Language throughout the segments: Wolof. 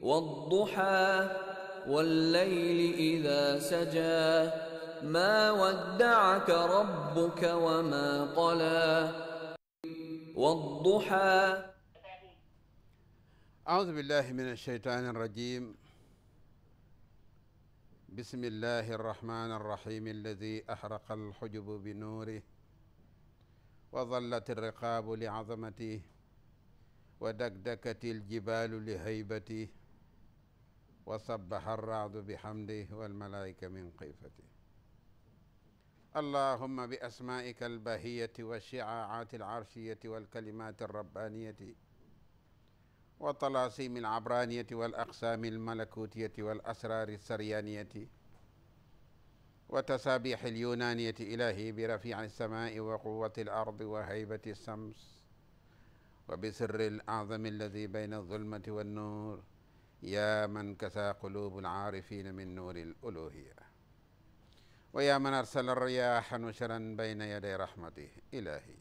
والضحى والليل إذا سجى ما ودعك ربك وما قلى والضحى أعوذ بالله من الشيطان الرجيم بسم الله الرحمن الرحيم الذي أحرق الحجب بنوره وظلت الرقاب لعظمته wa dakdakati aljibaalu li haybati wa sabbaha arraadu bihamdi walmalaika min xiifati allahuma bi asmaika albahiyati wa shicaati alarshiyati walkalimati alrabbaniyati wa talaasimi alabraniyati walaqsaami almalakutiyati walasraari alsaryaniyati wa tasaabiixi alyunaaniyati ilahi birafiici alsamaai wa quwati alard wa haybati alshams wa bisirri alazami alladi bayna alzulmati wannuur yaa man kasa qulubu alaarifina min nuuri aluluhiya wa yaa man arsala alriyaha nusran bayna yaday rahmatihi ilahi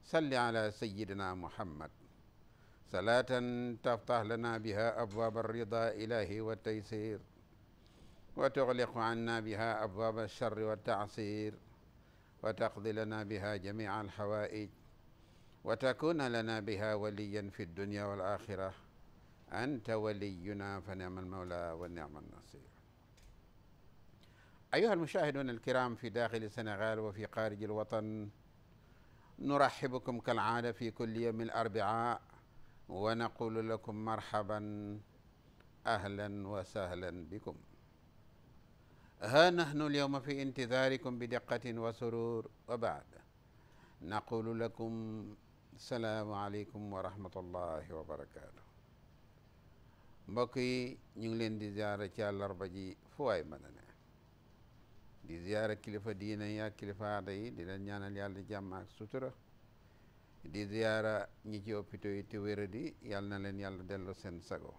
salli ala sayidina muhammad salaatan taftah lana biha abwaab alrida ilahi waltaysir wa tuxliqu anna biha abwaab alcharri waltacsir wa taqdi lana biha jamica alxawaij wa takuna lana biha waliyan fi dunya wal axira anta waliyuna fa niama almawla wa niama alnasir أيها المشاهدون الكرام في داخل السنغال وفي خارج الوطن نرحبكم كالعادة في كل يوم الأربعاء ونقول لكم مرحبا أهلا وسهلا بكم ها نحن اليوم في انتظاركم بدقة وسرور وبعد نقول لكم salaamaaleykum wa rahmatullahi wa barakaatu. mbokk yi ñu ngi leen di ziara ci àllarba ji fu waay mën di ziara kilifa diina yi kilifa aada di leen ñaanal yàlla jàmm ak sutura di ziara ñi ci opito yi te wéradi yàlla na leen yàlla dello seen sago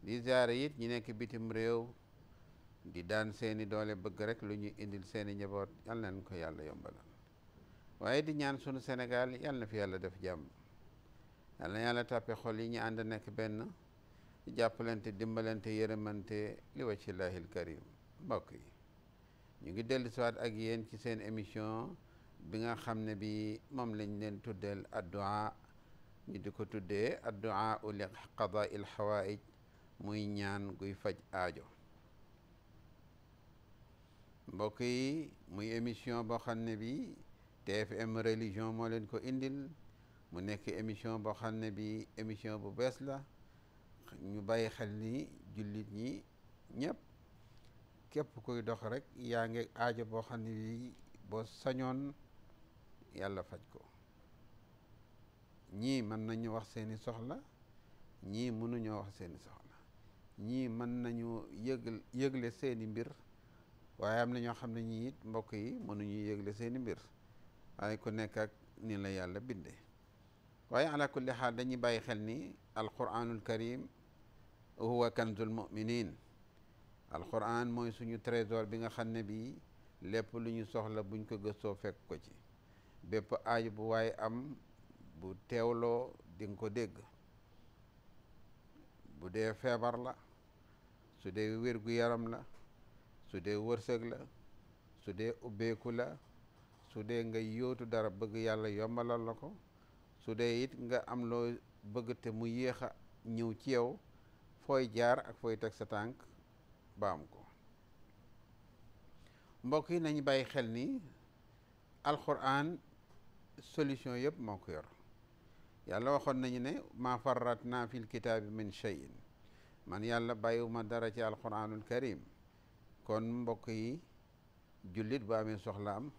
di ziara it ñi nekk bitim réew di daan seeni doole bëgg rek lu ñu indil seeni njaboot yàlla na leen ko yàlla yombalal waaye di ñaan sunu senegal yal na fi yàlla def jàmm yal na yàlla tàppe yi ñu ànd nekk benn jàppalante dimbalante yërëmante li wajhillahil karim mbokk yi ñu ngi dellu siwaat ak yéen ci seen émission bi nga xam ne bi moom lañ leen tuddeel addua ñu di ko tuddee addua li qadaa il xawaij muy ñaan guy faj aajo mbokk yi muy émission boo xam ne bi TFM religion moo leen ko indil mu nekk émission boo xam ne bi émission bu bees la ñu bàyyi xel ni jullit ñi ñépp képp kuy dox rek yaa ngi aajo boo xam ne bi boo sañoon yàlla faj ko ñii mën nañu wax seeni soxla ñii mënuñoo wax seeni soxla ñii mën nañu yëg yëgle seeni mbir waaye am na ñoo xam ne ñiit mbokk yi mënuñu yëgle seeni mbir waaye ku nekkak ni la yàlla bindee waaye ala kulli xaal dañuy bàyyi xel ni alquranul karim huwa kanzul muminin alquran mooy suñu trésor bi nga xam ne bii lépp lu ñu soxla buñ ko gëstoo fekk ko ci bépp aaj bu waaye am bu teewloo di nga ko dégg bu dee feebar la su dee wér yaram la su dee wërsëg la su dee ubbeeku la su dee nga yootu dara bëgg yàlla yombalal la ko su dee it nga am loo bëgg te mu yéex a ñëw ci yow fooy jaar ak fooy teg sa tànk baam ko mbokk yi nañ bàyyi xel ni alxuraan solution yëpp moo ko yor yàlla waxoon nañu ne maa farrat naa fil kitaabi min cheyin man yàlla bàyyiwuma dara ci alxuraanul karim kon mbokk yi jullit bu amee soxlaam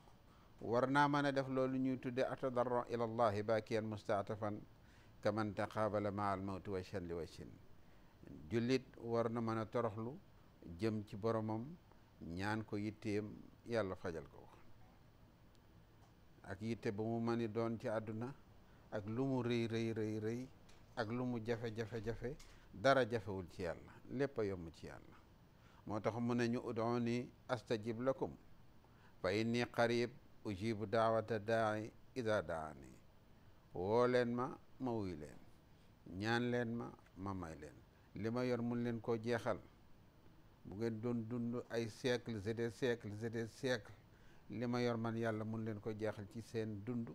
war naa mën a def loolu ñuy tudde atadarro ila allahi bakiyan mustaatafan kaman taqaabala ma al mawti wa shan wa shin jullit war na mën a toroxlu jëm ci boromam ñaan ko yitteem yàlla fajal ko ak yitte ba mu mën a doon ci àdduna ak lu mu rëy rëy ak lu jafe-jafe-jafe dara jafewul ci yàlla lépp a yomb ci yàlla moo tax mu ne ñu udooni astajib lakum fa inni qarib ujibu daawata daai ida daani woo leen ma ma wuy leen ñaan leen ma ma may leen li ma yor mun leen koo jeexal bu ngeen doon dund ay siècles et des siècles et des siècles li ma yor man yàlla mun leen ko jeexal ci seen dund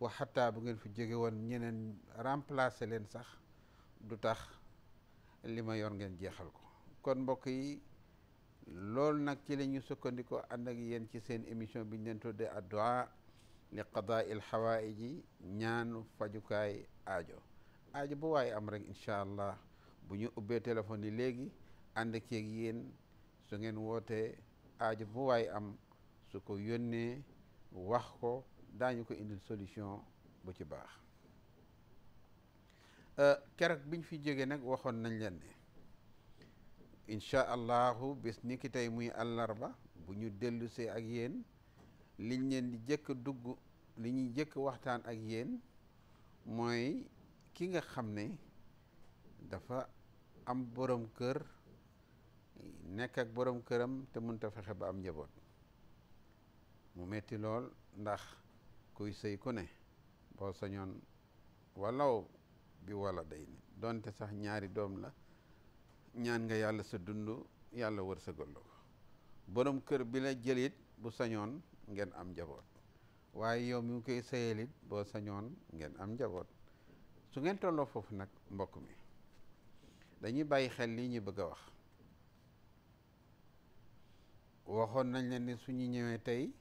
wa xataa bu ngeen fi jóge woon ñeneen remplacer leen sax du tax li ma yor ngeen jeexal ko kon mbokk loolu nag ci la ñu sukkandikoo ànd ak yéen ci seen émission bi ñu leen tuddee addu'a li qadaa il xawaaiji ñaanu fajukaay aajo aajo bu waaye am rek incha allah bu ñu ubbee téléphone yi léegi ànd ak yéen su ngeen wootee aajo bu waay am su ko yónnee wax ko daañu ko indil solution bu ci baax euh, keroog biñ fi jógee nag waxoon nañ leen ne incha allahu bés ni tey muy àllarba bu ñu dellusee ak yéen liñ leen di jëkk dugg li ñuy jëkk waxtaan ak yéen mooy ki nga xam ne dafa am borom kër nekk ak boroom këram te mënta fexe ba am njaboot mu metti lool ndax kuy sëy ku ne boo sañoon walaw bi wala day donte sax ñaari doom la ñaan nga yàlla sa dund yàlla wërsëgal la ko borom kër bi la jëlit bu sañoon ngeen am njaboot waaye yow mi ngi koy sëyalit boo sañoon ngeen am njaboot su ngeen tolloo foofu nag mbokk mi dañuy bàyyi xel lii ñu bëgg a wax waxoon nañ leen ne suñu ñëwee tey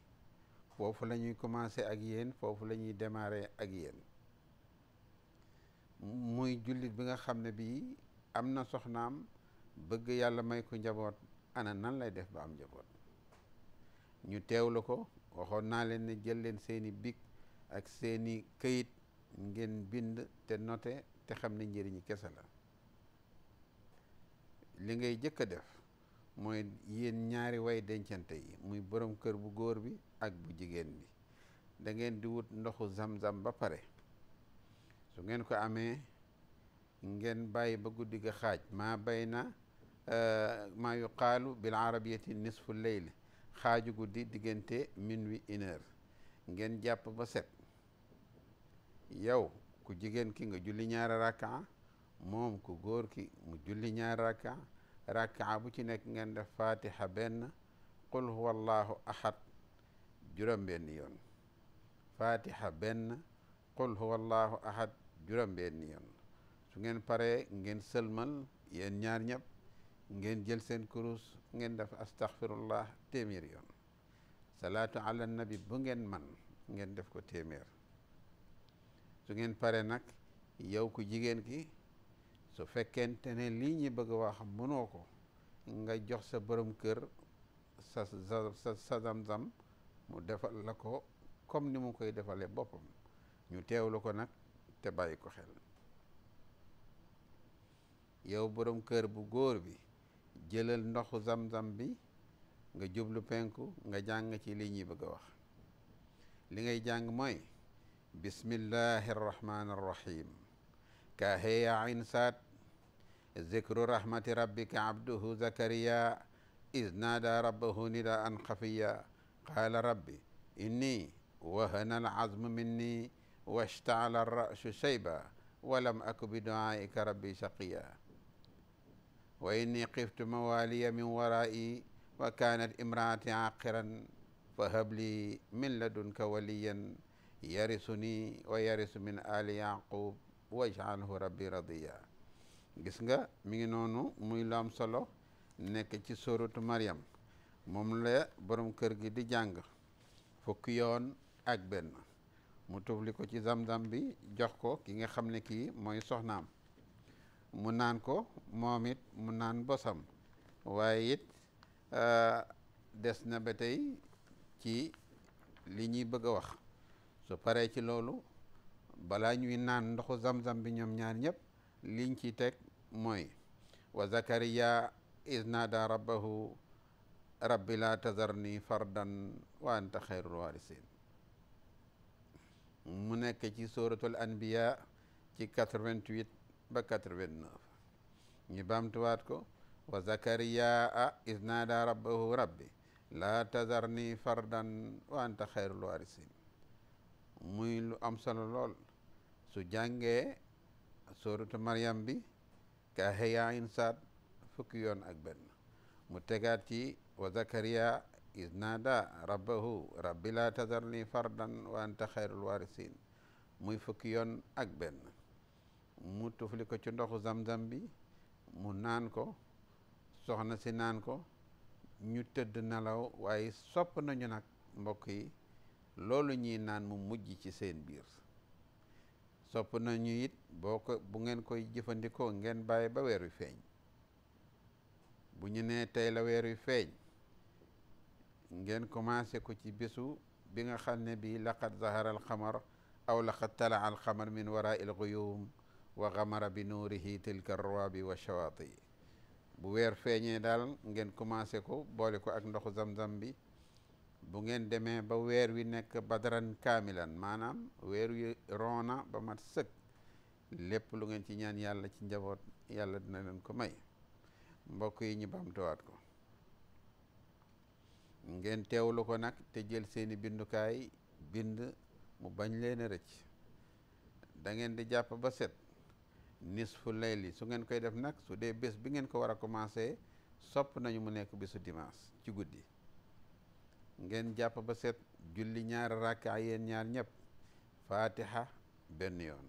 foofu lañuy ñuy commencé ak yéen foofu lañuy demare ak yéen muy jullit bi nga xam ne bii am na soxnaam bëgg yàlla may ko njaboot ana nan lay def ba am njaboot ñu teewlu ko waxoon naa leen ne jël leen seeni bic ak seeni këyit ngeen bind te note te xam ne njëriñu kese la li ngay jëkk a def mooy yéen ñaari way dencante yi muy borom kër bu góor bi ak bu jigéen bi da ngeen di wut ndoxu sam zam ba pare su ngeen ko amee ngeen bàyyi ba guddi ga xaaj maa bay na Euh, maa yuqaalu bil arabiyati nisfu leyli xaaju guddi diggante min wi heure ngeen jàpp ba set yow ku jigéen ki nga julli ñaar rakka moom ku góor ki mu julli ñaari rakka rakka bu ci nekk ngeen def fatiha benn qul huwa allahu ahad juróom-benn yoon fatiha benn qul huwa allahu ahad juróom-benn yoon su ngeen paree ngeen sëlmal yéen ñaar ñëpp ngeen jël seen kurus ngeen def astaghfirullah téeméer yoon salaatu ala nabi bu ngeen man ngeen def ko téeméer su ngeen pare nag yow ku jigéen ki su fekkente ne lii ñi bëgg wax mënoo ko nga jox sa borom kër sa sa sa zam-zam mu defal la ko comme ni mu koy defalee boppam ñu teewlu ko nag te bàyyi ko xel yow borom kër bu góor bi jëlal ndoxu zam-zam bi nga jublu penku nga jàng ci li ñuy bëgg a wax li ngay jàng mooy bismillahi arrahmani arrahim ka heya in saat zikru rahmati rabbika abduhu zakariya iz naada rabbahu nidaan xafiya qaala rabbi inni wahana alazmu minni washta'ala arra'su shayba walam aku bi du'aika rabbi shaqiya wa inni xiftu mawaliya min warai wa kanat imraati aqiran fa habli min ladunka waliyan yarisuni wa yarisu min ali yaqub waj'alhu rabbi radiya gis nga mi ngi noonu muy lam solo nekk ci suratu Maryam moom kër gi di jàng fukki yoon ak benn mu tufli ko ci zam-zam bi jox ko ki nga xam ne kii mooy soxnaam mu naan ko moom it mu naan bosam waaye it euh, des na ba tey ci li ñuy bëgg a wax su paree ci loolu balaa ñuy naan ndoxu zam-zam bi ñoom ñaar ñëpp liñ ci teg mooy wa zakariya isnada rabbahu rabbi laa tazarni fardan wa anta xayrul warisin mu nekk ci suratul anbiya ci 88 ba 89 ñi bamtuwaat ko wa zakariyaa iz naada rabbahu rabbi laa tazarni fardan wa anta xayrul waarisin muy lu am solo lool su jàngee suratu Maryam bi ka heya insaat fukki yoon ak benn mu tegaat ci wa zakariyaa iz naada rabbahu rabbi laa tazarni fardan wa anta xayrul waarisin muy fukki yoon ak benn mu tufli ko ci ndoxu zam-zam bi mu naan ko soxna si naan ko ñu tëdd nelaw waaye sopp nañu nag mbokk yi loolu ñuy naan mu mujj ci seen biir sopp nañu it boo ko bu ngeen koy jëfandikoo ngeen bàyyi ba weer wi feeñ bu ñu nee tey la weer wi feeñ ngeen commencé ko ci bésu bi nga xam ne bi laqad zahara al xamar aw laqad tala al xamar min wara il guyum wa xamara bi nuurihi tilka bi wa shawaati bu weer feeñee daal ngeen commencé ko boole ko ak ndoxu zam-zam bi bu ngeen demee ba weer wi nekk badaran kaamilan maanaam weer wi roona ba mat sëkk lépp lu ngeen ci ñaan yàlla ci njaboot yàlla dina leen ko may mbokk yi ñu bamtuwaat ko ngeen teewlu ko nag te jël seeni bindukaay bind mu bañ leen a rëcc da ngeen di jàpp ba set nisfu layli su ngeen koy def nag su dee bés bi ngeen ko war a commencé sopp nañu mu nekk bésu dimaas ci guddi ngeen jàpp ba set julli ñaari rakka yéen ñaar ñëpp fatiha benn yoon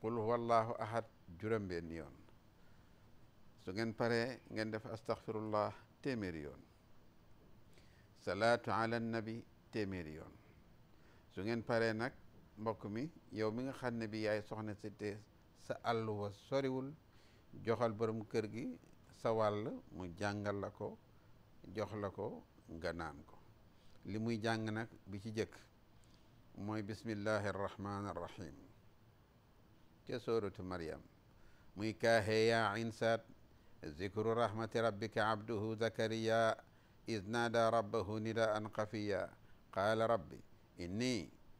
qul huwallahu ahad juróom benn yoon su ngeen pare ngeen def astaghfirullah téeméeri yoon salaatu ala nabi téeméeri yoon su ngeen paree nag mbokk mi yow mi nga xam ne bi yaay soxna si te sa àll wa soriwul joxal borom kër gi sa wàll mu jàngal la ko jox la ko nga naan ko li muy jàng nag bi ci jëkk mooy bismillahi arrahmani arrahim ca sóoratu maryam muy kaaxee yaa insaat zikru rahmati rabbika abduhu zakariya is naada rabbahu nidaan xafiya qaala rabbi inni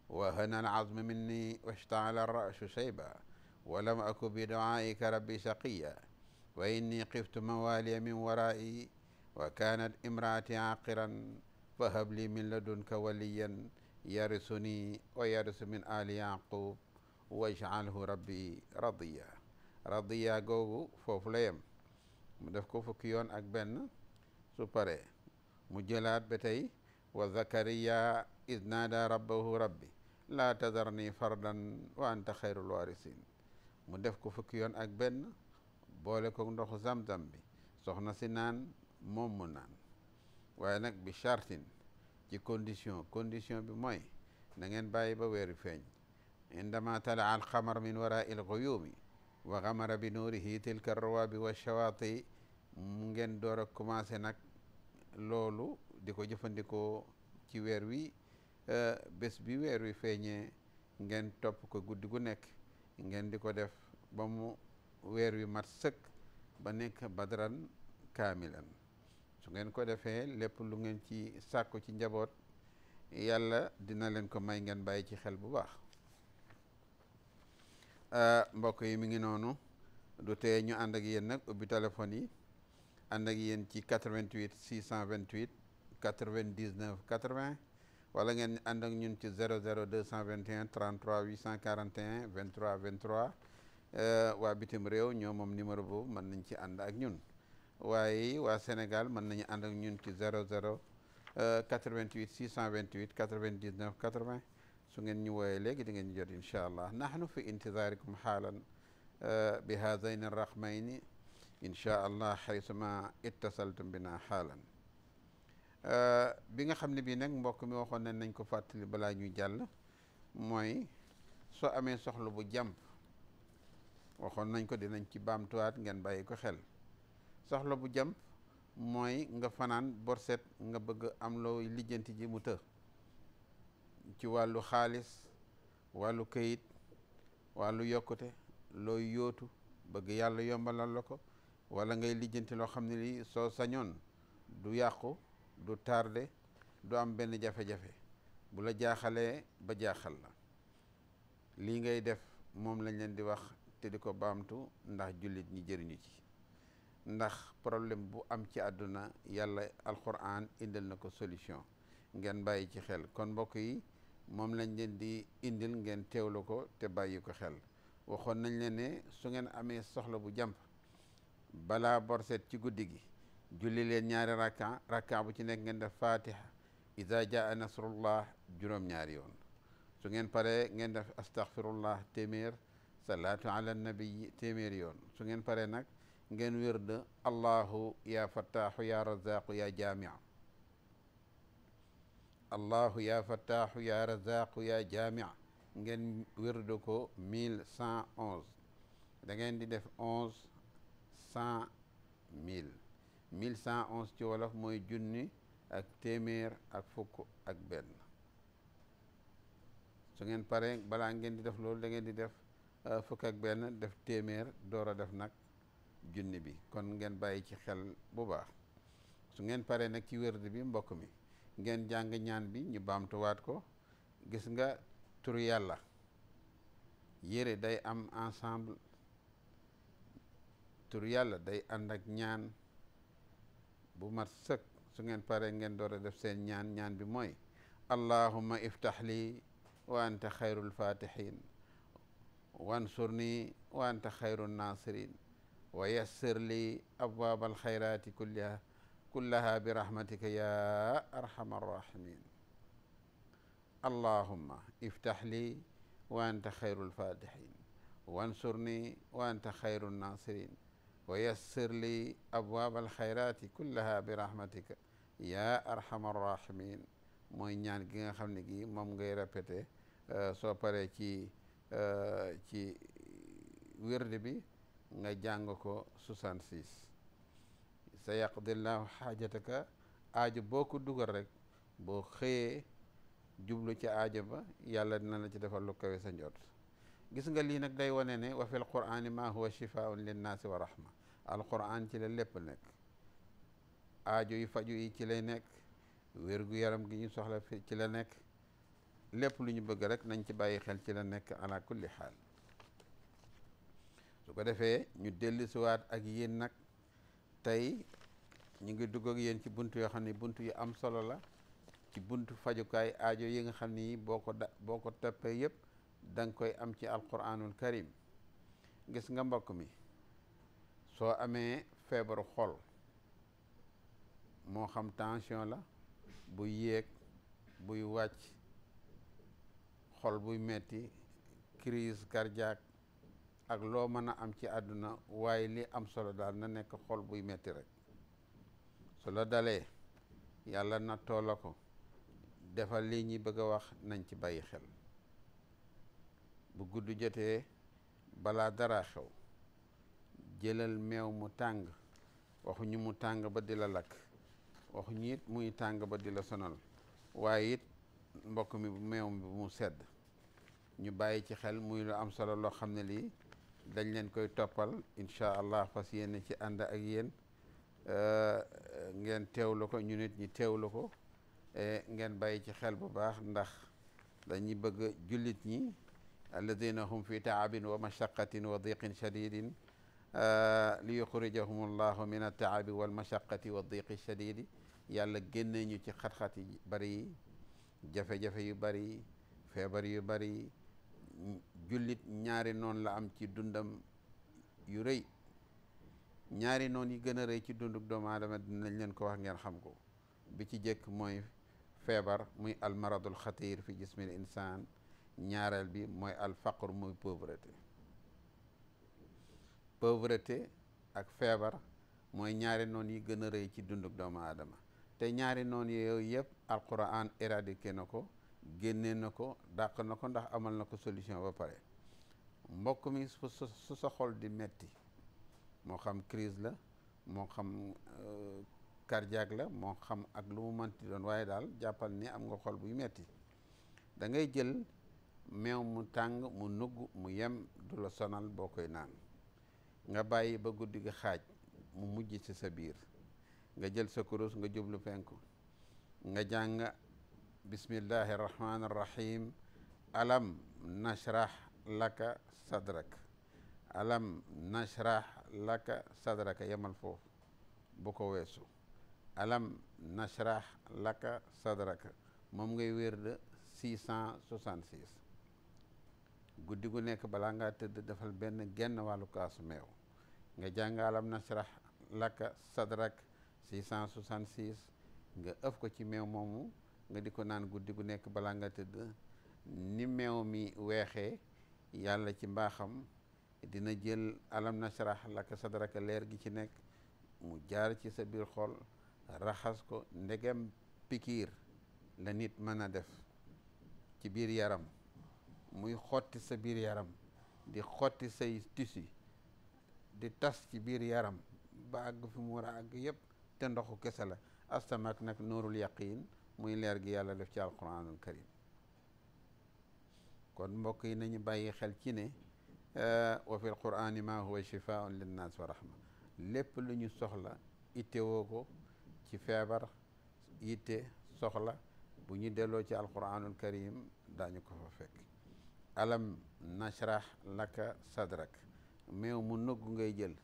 wahana alazmu minni washtaala arrasu shayba walam aku bi duaaika rabbi shaqiya wa inni xiftu mawaliya min warai wa kanat imraati aqiran fa habli min ladunka waliyan yarisuni wa yarisu min ali yaqub waj'alhu rabbi radiya radiya googu foofu la yem mu def ko fukki yoon ak benn su paree mu jëlaat ba tey wa zakariya id naada rabbahu rabbi laa tadarni fardan wa anta xayrul warisin mu def ko fukki yoon ak benn boole ko ndoxu zam-zam bi soxna si naan moom mu naan waaye nag bi chartin ci condition condition bi mooy na ngeen bàyyi ba weeru feeñ indama tala al xamar min wara il guyumi wa xamara bi nuurihi tilka rawaabi wa shawaati mu ngeen door a commencé nag loolu di ko jëfandikoo ci weer wi eh, bés bi weer wi feeñee ngeen topp ko guddi gu nekk ngeen di ko def ba mu weer wi mat sëkk ba nekk badran kaamilan su ngeen ko defee lépp lu ngeen ci sàkku ci njaboot yàlla dina leen ko may ngeen bàyyi ci xel bu baax ah, mbokk yi mu ngi noonu du tee ñu ànd ak yéen nag ubbi téléphone yi ànd ak yéen ci 88 628 99 80 wala ngeen ànd ak ñun ci 00 221 33 841 23 23 waa bitim réew ñoo moom numéro boobu mën nañ ci ànd ak ñun waaye waa Sénégal mën nañu ànd ak ñun ci vingt 88 628 99 80 su ngeen ñu wooyee léegi di ngeen ñu jot incha allah nahnu fi intizaarikum xaalan euh, bi haadayn arraqmayni incha allah xaysuma ittasaltum bina xaalan Euh, bi nga xam ne bii nag mbokk mi waxoon nañ nañ ko fàttali balaa ñuy jàll mooy soo amee soxla bu jàmp waxoon nañ ko dinañ ci baam tuwaat ngeen bàyyi ko xel soxla bu jàmp mooy nga fanaan borset nga bëgg am loo lijjanti ji mu të ci wàllu xaalis wàllu kayit wàllu yokkute looy yootu bëgg yàlla yombalal la ko wala ngay lijjanti loo xam ne lii soo sañoon du yàqu du tardé du am benn jafe-jafe bu la jaaxalee ba jaaxal la lii ngay def moom lañ leen di wax te di ko baamtu ndax jullit ñi jëriñu ci ndax problème bu am ci àdduna yàlla alquran indil na ko solution ngeen bàyyi ci xel kon mbokk yi moom lañ leen di indil ngeen teewlu ko te bàyyi ko xel waxoon nañ leen ne su ngeen amee soxla bu jàmp balaa borset ci guddi gi julli leen ñaari rakka rakka bu ci nekk ngeen def fatiha iza jaa nasrullah juróom-ñaari yoon su ngeen pare ngeen def astaghfirullah téeméer salaatu ala nabi téeméeri yoon su ngeen paree nag ngeen wérd allahu ya fattaahu ya razaqu ya jaamiu allahu ya fattaahu ya razaqu ya ngeen wérd ko mille cent onze da ngeen di def onze cent mille mille cent onze ci wolof mooy junni ak téeméer ak fukk ak benn su ngeen pare balaa ngeen di def loolu da ngeen di def euh, fukk ak benn def téeméer door a def nag junni bi kon ngeen bàyyi ci xel bu baax su ngeen paree nag ci wérd bi mbokk mi ngeen jàng ñaan bi ñu baamtuwaat ko gis nga turu yàlla yére day am ensemble turu yàlla day ànd ak ñaan bu mat sëkk su ngeen paree ngeen door a def seen ñaan ñaan bi mooy allahuma iftax lii wa anta xayrul fatihin wansurni wa anta xayrul nasirin wa yassir lii abwaabal xayraati kulliha kullaha bi rahmatika ya arhamar rahimin allahuma iftax lii wa anta xayrul fatihin wansurni wa anta xayrul nasirin wa yassir li abwaab alxayraati kullaha bi rahmatika yaa arhamar rahimin mooy ñaan gi nga xam ne gi moom ngay répété euh, soo paree ci euh, ci wirde bi nga jàng ko 66 sa yaqdillahu xaajataka aajo boo ko dugal rek boo xëyee jublu ci aajo ba yàlla dina la ci defal lu kawe sa njot gis nga lii nag day wone ne wa fil qur'ani ma huwa shifaun linnaasi wa rahma alquran ci la lépp nekk aajo yi faju yi ci lay nekk wér yaram gi ñu soxla ci la nekk lépp lu ñu bëgg rek nañ ci bàyyi xel ci la nekk ala kulli xaal su ko defee ñu dellusiwaat ak yéen nag tey ñu ngi dugg ak yéen ci bunt yoo xam ne buntu yu am solo la ci buntu fajukaay aajo yi nga xam ni boo ko da boo ko toppee yëpp da koy am ci alquranul karim gis nga mbokk mi soo amee feebaru xol moo xam tension la buy yéeg buy wàcc xol buy metti crise cardiaque ak loo mën a am ci àdduna waaye li am solo daal na nekk xol buy metti rek su dalee yàlla na la ko defal lii ñi bëgg a wax nañ ci bàyyi xel bu gudd jotee balaa dara xew jëlal meew mu tàng waxuñu mu tàng ba di la lakk waxuñu it muy tàng ba di la sonal waaye it mbokk mi meew mi mu sedd ñu bàyyi ci xel muy lu am solo loo xam ne lii dañ leen koy toppal incha allah fas yéene ci ànd ak yéen euh, ngeen teewlu ko ñu nit ñi teewlu ko e ngeen bàyyi ci xel bu baax ndax dañuy bëgg jullit ñi alladina hum fi taabin wa mashaqatin wa diqin shadidin li yuxrijahum allahu min altaabi walmashaqati wa diqi shadidi yàlla génne ñu ci xat-xat bari yi jafe-jafe yu bari yi feebar yu bari yi jullit ñaari noon la am ci dundam yu rëy ñaari noon yi gën a rëy ci dunduk doomu aadama dinañ leen ko wax ngeen xam ko bi ci jëkk mooy feebar muy almaradul xatir fi jismil insaan ñaareel bi mooy alfaqr muy pauvreté pauvreté ak feebar mooy ñaari noon yi gën a rëy ci dunduk doomu aadama te ñaari noon yooyu yëpp alquran éradiqué na ko génnee na ko dàq na ko ndax amal na ko solution ba pare mbokk mi su sa xol di metti moo xam crise la moo xam euh, cardiaque la moo xam ak lu mu mënti doon waaye daal jàppal ni am nga xol buy metti da ngay jël meew mu tàng mu nugg mu yem du la sonal boo koy naan nga bàyyi ba guddi gi xaaj mu mujj ci sa biir nga jël sa kurus nga jublu penku nga jàng bismillahi rahmaani rahim alam nashrah laka sadrak alam nashrah laka sadraka yemal foofu bu ko weesu alam nashrah laka sadraka moom ngay wér de guddi gu nekk balaa ngaa tëdd defal benn genn wàllu kaasu meew nga jàng alam nasrah laka sadrak 666 nga ëf ko ci meew moomu nga di ko naan guddi gu nekk balaa nga tëdd ni meew mi weexee yàlla ci mbaaxam dina jël alam nasrah laka sadraka leer gi ci nekk mu jaar ci sa biir xol raxas ko ndegem pikiir la nit mën a def ci biir yaram muy xotti sa biir yaram di xotti say tissu di tas ci biir yaram ba àgg fi mu war a àgg yëpp te ndoxu kese la astamak nag nuurul yaqin muy leer gi yàlla def ci alquranul karim kon mbokk yi nañu bàyyi xel ci ne eh, wa fi alqurani ma huwa shifaun linnaas wa rahma lépp lu ñu soxla ittewoo ko ci feebar ite soxla bu ñu delloo ci alquranul karim daañu ko fa fekk alam nashrah laka sadrak meew mu nugg ngay jël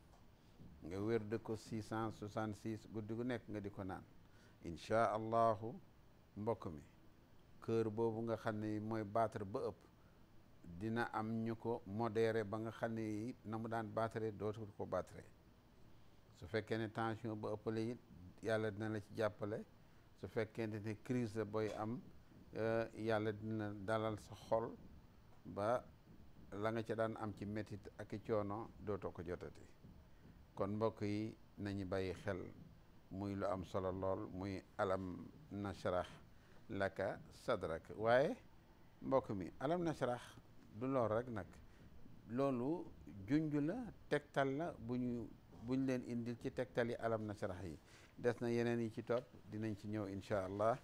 nga wér de ko six cent soixante six guddi gu nekk nga di ko naan inchaa allahu mbokk mi kër boobu nga xam ne mooy battre ba ëpp dina am ñu ko modéré ba nga xam ne it na mu daan battre dootul ko battre su fekkee ne tension ba ëppale it yàlla dina la ci jàppale su fekkente ne crise booy am eh, yàlla dina dalal sa xol ba la nga ca daan am ci métit ak i coono dootoo ko jotati kon mbokk yi nañu bàyyi xel muy lu am solo lool muy alam nashrah laka sadrak waaye mbokk mi alam nashrah du lool rek nag loolu junj la tegtal la bu ñu buñ leen indil ci tegtal yi alam nashrah yi des na yeneen yi ci topp dinañ ci ñëw incha allah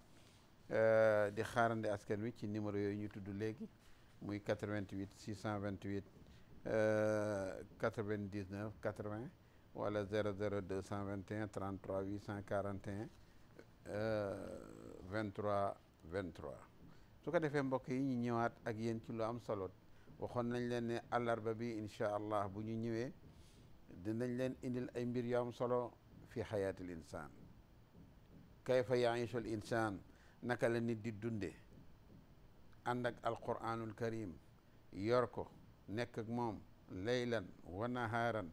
euh, di xaarandi askan wi ci numéro yooyu ñu tudd léegi muy 88 628 99 80 wala 00 221 33 841 23 23 su ko defee mbokk yi ñu ñëwaat ak yéen ci lu am solo waxoon nañ leen ne àllarba bi incha allah bu ñu ñëwee dinañ leen indil ay mbir yoo am solo fi xayaatil insaan kayfa yaishu al insaan naka la nit di dundee ànd ak alquranul karim yor ko nekk ak moom laylan wa nahaaran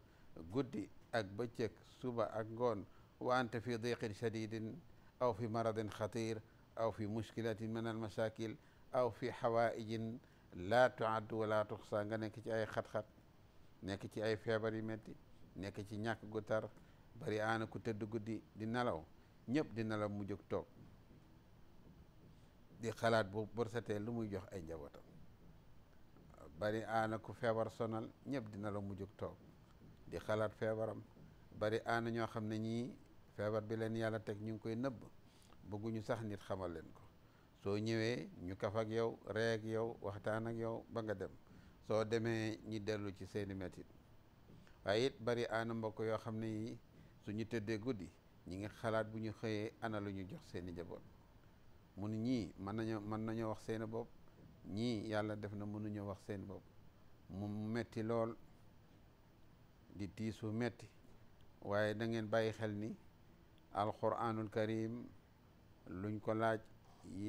guddi ak bëccëg suba ak ngoon wa anta fi diqin shadidin aw fi maradin xatir aw fi mushkilatin min almasakil aw fi xawaijin laa tuaddu wala tuxsa nga nekk ci ay xat-xat nekk ci ay feebar yu metti nekk ci ñàkk gu tar bari aana ku guddi di nelaw ñëpp di nelaw mu jóg toog di xalaat bu bërsatee lu muy jox ay njabootam bari aana ku feebar sonal ñëpp dina la mu jóg toog di xalaat feebaram bari aana ñoo xam ne ñii feebar bi leen yàlla teg ñu ngi koy nëbb bëgguñu sax nit xamal leen ko soo ñëwee ñu kaf ak yow ree yow waxtaan ak yow ba nga dem soo demee ñi dellu ci seeni metit waaye it bari aana mbokk yoo xam ne yi suñu tëddee guddi ñi ngi xalaat bu ñu xëyee ana lu ñu jox seeni njaboot mu ni ñii mën nañoo mën nañoo wax seen bopp ñii yàlla def na mënuñoo wax seen bopp mu metti lool di tiisu metti waaye da ngeen bàyyi xel ni alquranul karim luñ ko laaj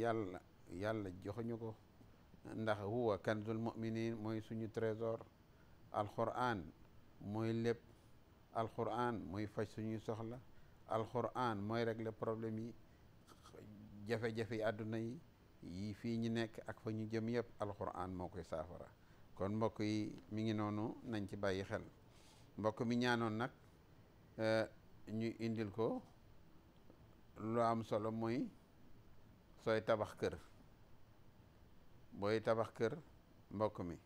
yàlla yàlla joxuñu ko ndax huwa kanzul muminin mooy suñu trésor alquran mooy lépp alquran mooy faj suñuy soxla alquran mooy régler problème yi jafe-jafe yi àdduna yi yi fii ñu nekk ak fa ñu jëm yëpp alxuraan moo koy saafara kon mbokk yi mi ngi noonu nañ ci bàyyi xel mbokk mi ñaanoon nag eh, ñu indil ko lu am solo mooy sooy tabax kër booy tabax kër mbokk mi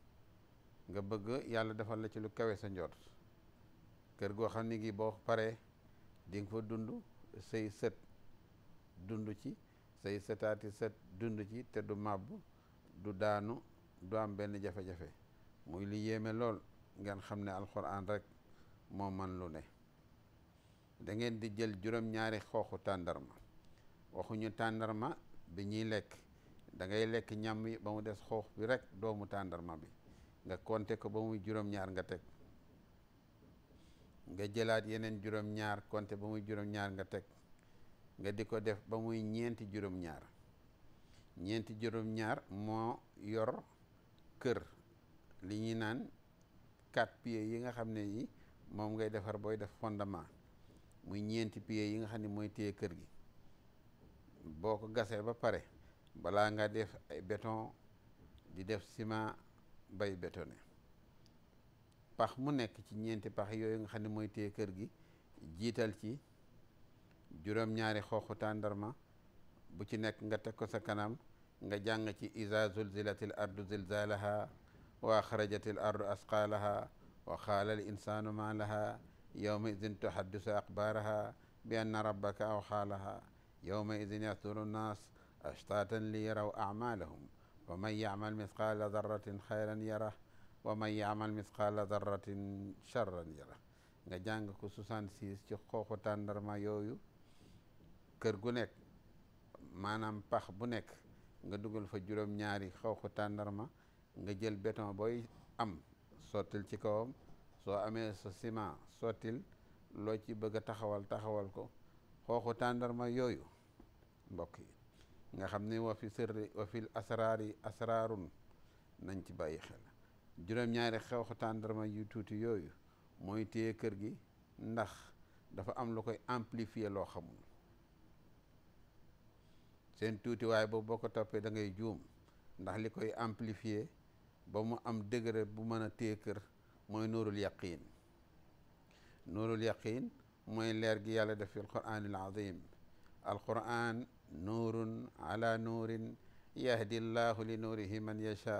nga bëgg yàlla defal la ci lu kawe sa njoot kër goo xam ne gi boo paree di nga fa dund sëy sët dund ci say setaati set dund ci te du màbb du daanu du am benn jafe-jafe muy li yéeme lool ngeen xam ne alxuraan rek moo man lu ne da ngeen di jël juróom-ñaari xooxu tàndarma waxuñu tàndarma bi ñuy lekk dangay lekk ñam yi ba mu des xoox bi rek doomu tàndarma bi nga konte ko ba muy juróom-ñaar nga teg nga jëlaat yeneen juróom-ñaar konte ba muy juróom-ñaar nga teg nga di ko def ba muy ñeenti juróom-ñaar ñeenti juróom-ñaar moo yor kër li ñuy naan quatre pieds yi nga xam ne yi moom ngay defar booy def fondement muy ñeenti pieds yi nga xam ne mooy téye kër gi boo ko gasee ba pare balaa nga def ay béton di def ciment bay bétonné pax mu nekk ci ñeenti pax yooyu nga xam ne mooy téye kër gi jiital ci juróom-ñaari xooxu tàndarma bu ci nekk nga teg ko sa kanam nga jàng ci iza zulzilatil ardu zilzalaha wa axrajatil ardu asqalaha wa qaala al insanu ma laha yawma idin tuhaddisu axbaaraha bi anna rabbaka awxaa laha yawma idin yasduru nnaas ashtatan li yaraw acmaalahum wa man yacmal misqaala darratin xayran yarah wa man yaamal misqaala darratin charran yara nga jàng ko 66 ci xooxu tàndarma yooyu kër gu nekk maanaam pax bu nekk nga dugal fa juróom-ñaari xaw ko tàndarma nga jël béton booy am sottil ci kawam soo amee sa ciment sottil loo ci bëgg a taxawal taxawal ko xooxu tàndarma yooyu mbokk yi nga xam ne wa fi sirri wa fil asraari nañ ci bàyyi xel juróom-ñaari xooxu tàndarma yu tuuti yooyu mooy téye kër gi ndax dafa am lu koy amplifier loo xamul seen tuutiwaay boobu boo ko toppee da ngay juum ndax li koy amplifier ba mu am degré bu mën a téye kër mooy nuurul yaqiin nuurul yaqiin mooy leer gi yàlla def fi alquran al azim alquran nuurun ala nuurin yahdi llahu li nuurihi man yacha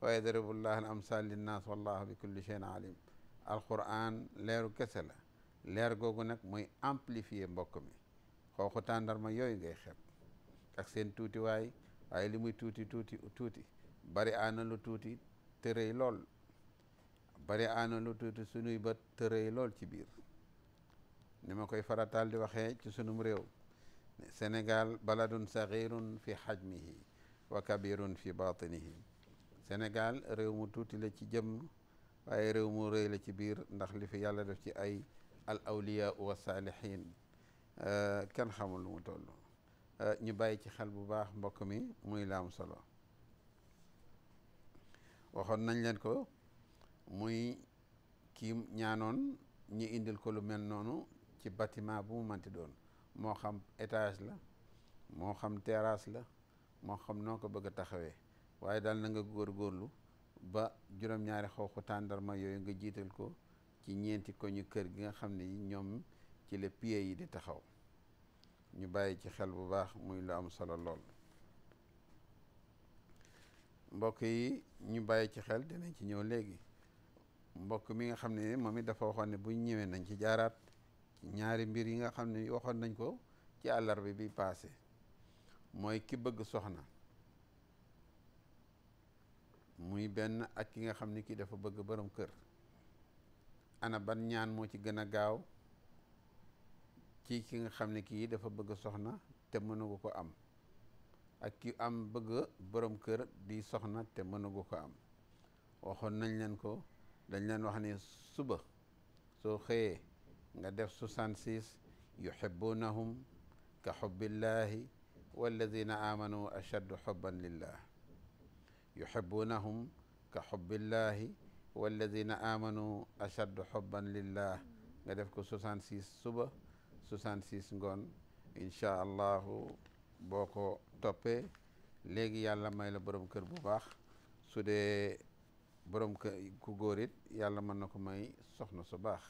wa yadribu llahu al amsal linnaas wallahu bi kulli cheyin alim alquran leeru kese la leer googu nag mooy amplifier mbokk mi xooxu tàndarma yooyu ngay xeeb ak seen tuuti waay waaye li muy tuuti tuuti tuuti bari aana lu tuuti tërëy lool bari aana lu tuuti sunuy bët tërëy lool ci biir ni ma koy farataal di waxee ci sunum réew Sénégal baladun saxirun fi xajmihi wa kabirun fi batinihi senegal réew mu tuuti la ci jëm waaye réew mu rëy la ci biir ndax li fi yàlla def ci ay al awliya wa saalihin euh, kenn xamul lu mu toll Euh, ñu bàyyi ci xel bu baax mbokk mi muy laamu solo waxoon nañ leen ko muy kii ñaanoon ñu indil ko lu mel noonu ci bâtiment bu mu manti doon moo xam étage la moo xam teraas la moo xam noo ko bëgg a taxawee waaye dal na nga góor góorlu ba juróom-ñaari xooxu tàndarma yooyu nga jiital ko ci ñeenti koñu kër gi nga xam ne ñoom ci la pieds yi di taxaw ñu bàyyi ci xel bu baax muy lu am solo lool mbokk yi ñu bàyyi ci xel dinañ ci ñëw léegi mbokk mi nga xam ne moom it dafa waxoon ne bu ñu ñëwee nañ ci jaaraat ñaari mbir yi nga xam ne waxoon nañ ko ci àllarba bi paase mooy ki bëgg soxna muy benn ak ki nga xam ne kii dafa bëgg borom kër ana ban ñaan moo ci gën a gaaw ci ki nga xam ne kii dafa bëgg soxna te mënugu ko am ak ki am bëgg borom kër di soxna te mënugu ko am waxoon nañ leen ko dañ leen wax ni suba soo xëyee nga def 66 yuhibbunahum ka hubbillahi walladina amanu ashaddu hubban lillah yuhibbunahum ka hubbillahi walladina amanu ashaddu hubban lillah nga def ko 66 suba 66 ngoon incha allahu boo ko toppee léegi yàlla may la borom kër bu baax su dee borom kër ku góor it yàlla mën na ko may soxna su baax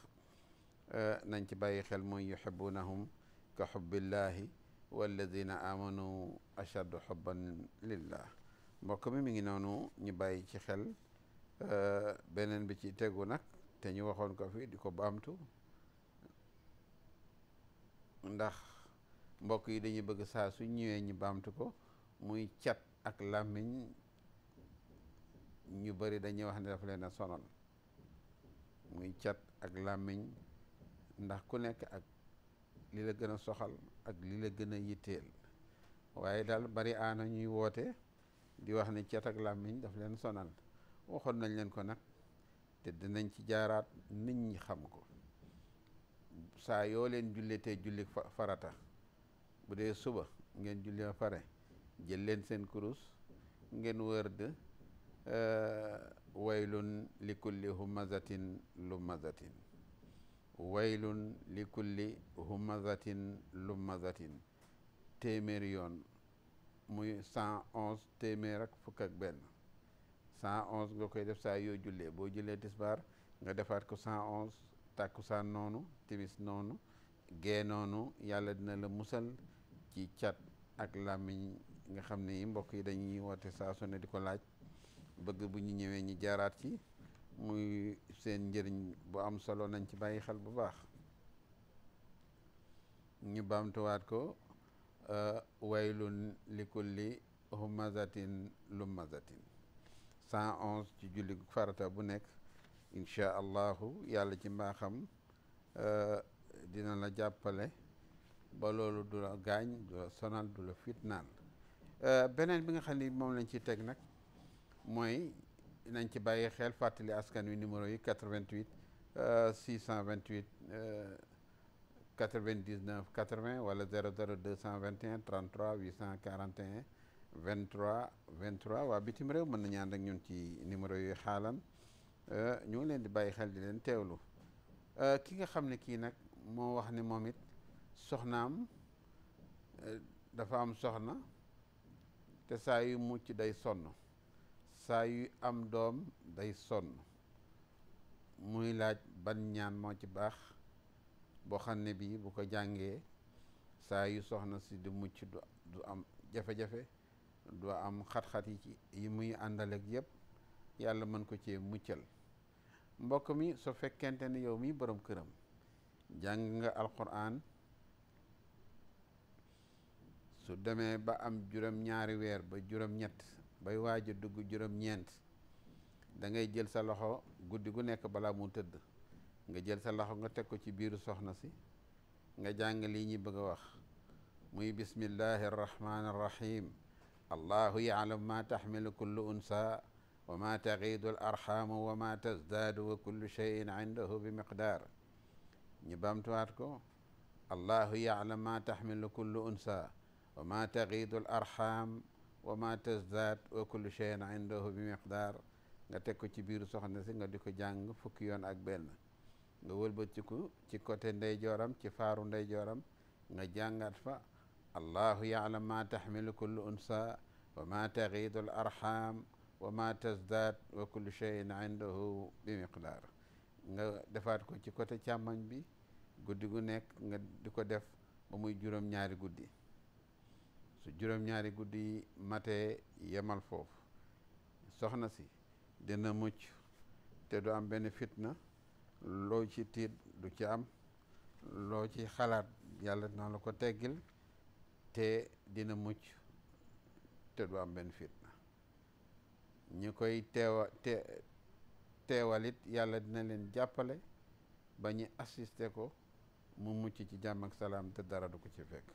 euh, nañ ci bàyyi xel mooy yuhibbunahum ka hubbillahi walladina amanu ashaddu hubban lillah mbokk mi mi ngi noonu ñu bàyyi ci xel euh, beneen bi ci tegu nag te ñu waxoon ko fii di ko baamtu ndax mbokk yi dañuy bëgg saa su ñëwee ñu baamtu ko muy cat ak làmmiñ ñu bari dañuy wax ne dafa leen a sonal muy cat ak làmmiñ ndax ku nekk ak li la gën a soxal ak li la gën a yitteel waaye daal bari aana ñuy woote di wax ne cat ak làmmiñ daf leen sonal waxoon nañ leen ko nag te dinañ ci jaaraat nit ñi xam ko saa yoo leen te julli farata bu dee suba ngeen julli ba pare jël leen seen kurus ngeen wërd euh, waylun li kulli humazatin lumazatin waylun li kulli humazatin lumazatin yoon muy cent onze téeméer ak fukk ak benn cent onze nga koy def saa yoo jullee boo jullee tisbaar nga defaat ko cent onze tàkkusaan noonu timis noonu gee noonu yàlla dina la musal ci cat ak làmmiñ nga xam ne mbokk yi dañuy woote saa ne di ko laaj bëgg bu ñu ñëwee ñi jaaraat ci muy seen njëriñ bu am solo nañ ci bàyyi xel bu baax ñu baamtuwaat ko waylun li kulli humazatin lumazatin cent onze ci julli farata bu nekk incha allahu yàlla ci mbaaxam eh, dina la jàppale ba loolu du la gaañ du la sonal du la fitnaal eh, beneen bi nga xam ni moom lañ ci teg nag mooy nañ ci bàyyi xel fàttali askan wi numéro yi 88 628 99 80 wala 00 221 33 841 23 23 waa bitim réew mën nañu ànd ak ñun ci numéro yooyu xaalan Eh, ñu ngi leen di bàyyi xel di leen teewlu eh, ki nga xam ne kii nag moo wax ni moom it soxnaam eh, dafa am soxna te saa yu mucc day sonn saa yu am doom day sonn muy laaj ban ñaan moo ci baax boo xam ne bii bu ko jàngee saa yu soxna si di mucc du am jafe-jafe du am xat-xat yi ci yi muy àndal yépp yàlla mën ko cee muccal mbokk mi su fekkente ni yow mi borom këram jàng nga alquran su demee ba am juróom-ñaari weer ba juróom-ñett bay waaj a dugg juróom-ñeent da jël sa loxo guddi gu nekk balaa mu tëdd nga jël sa loxo nga teg ko ci biiru soxna si nga jàng lii ñi bëgg a wax muy bismillahi arrahmani arrahim allahu yaalam ma taxmilu kullu unsa wa ma taxiidu al arxaamu wa ma tasdaadu wa kullu cheyin indahu bi miqdaar ñu bamtuwaat ko allahu yaalam ma taxmilu kullu unsa wa ma taxiidu al arxaam wa ma tasdaad wa kullu cheyin indahu bi miqdaar nga teg ko ci biiru soxna si nga di ko jàng fukki yoon ak benn nga wëlbatiku ci côté ndeyjooram ci faaru ndeyjooram nga jàngat fa allahu yaalam ma taxmilu kullu unsa wa ma taxiidu al arxaam wa ma tasdaad wa kullu cheyin indahu bi miqdaar nga defaat ko ci côté càmmoñ bi guddi gu nekk nga di ko def ba muy juróom-ñaari guddi su juróom-ñaari guddi matee yemal foofu soxna si dina mucc te du am benn fitna loo ci du ci am loo ci xalaat yàlla la ko teggil te dina mucc te du am benn fit ñi koy teewa te teewalit yàlla dina leen jàppale ba ñu assisté ko mu mucc ci jàmm ak salaam te dara du ko ci fekk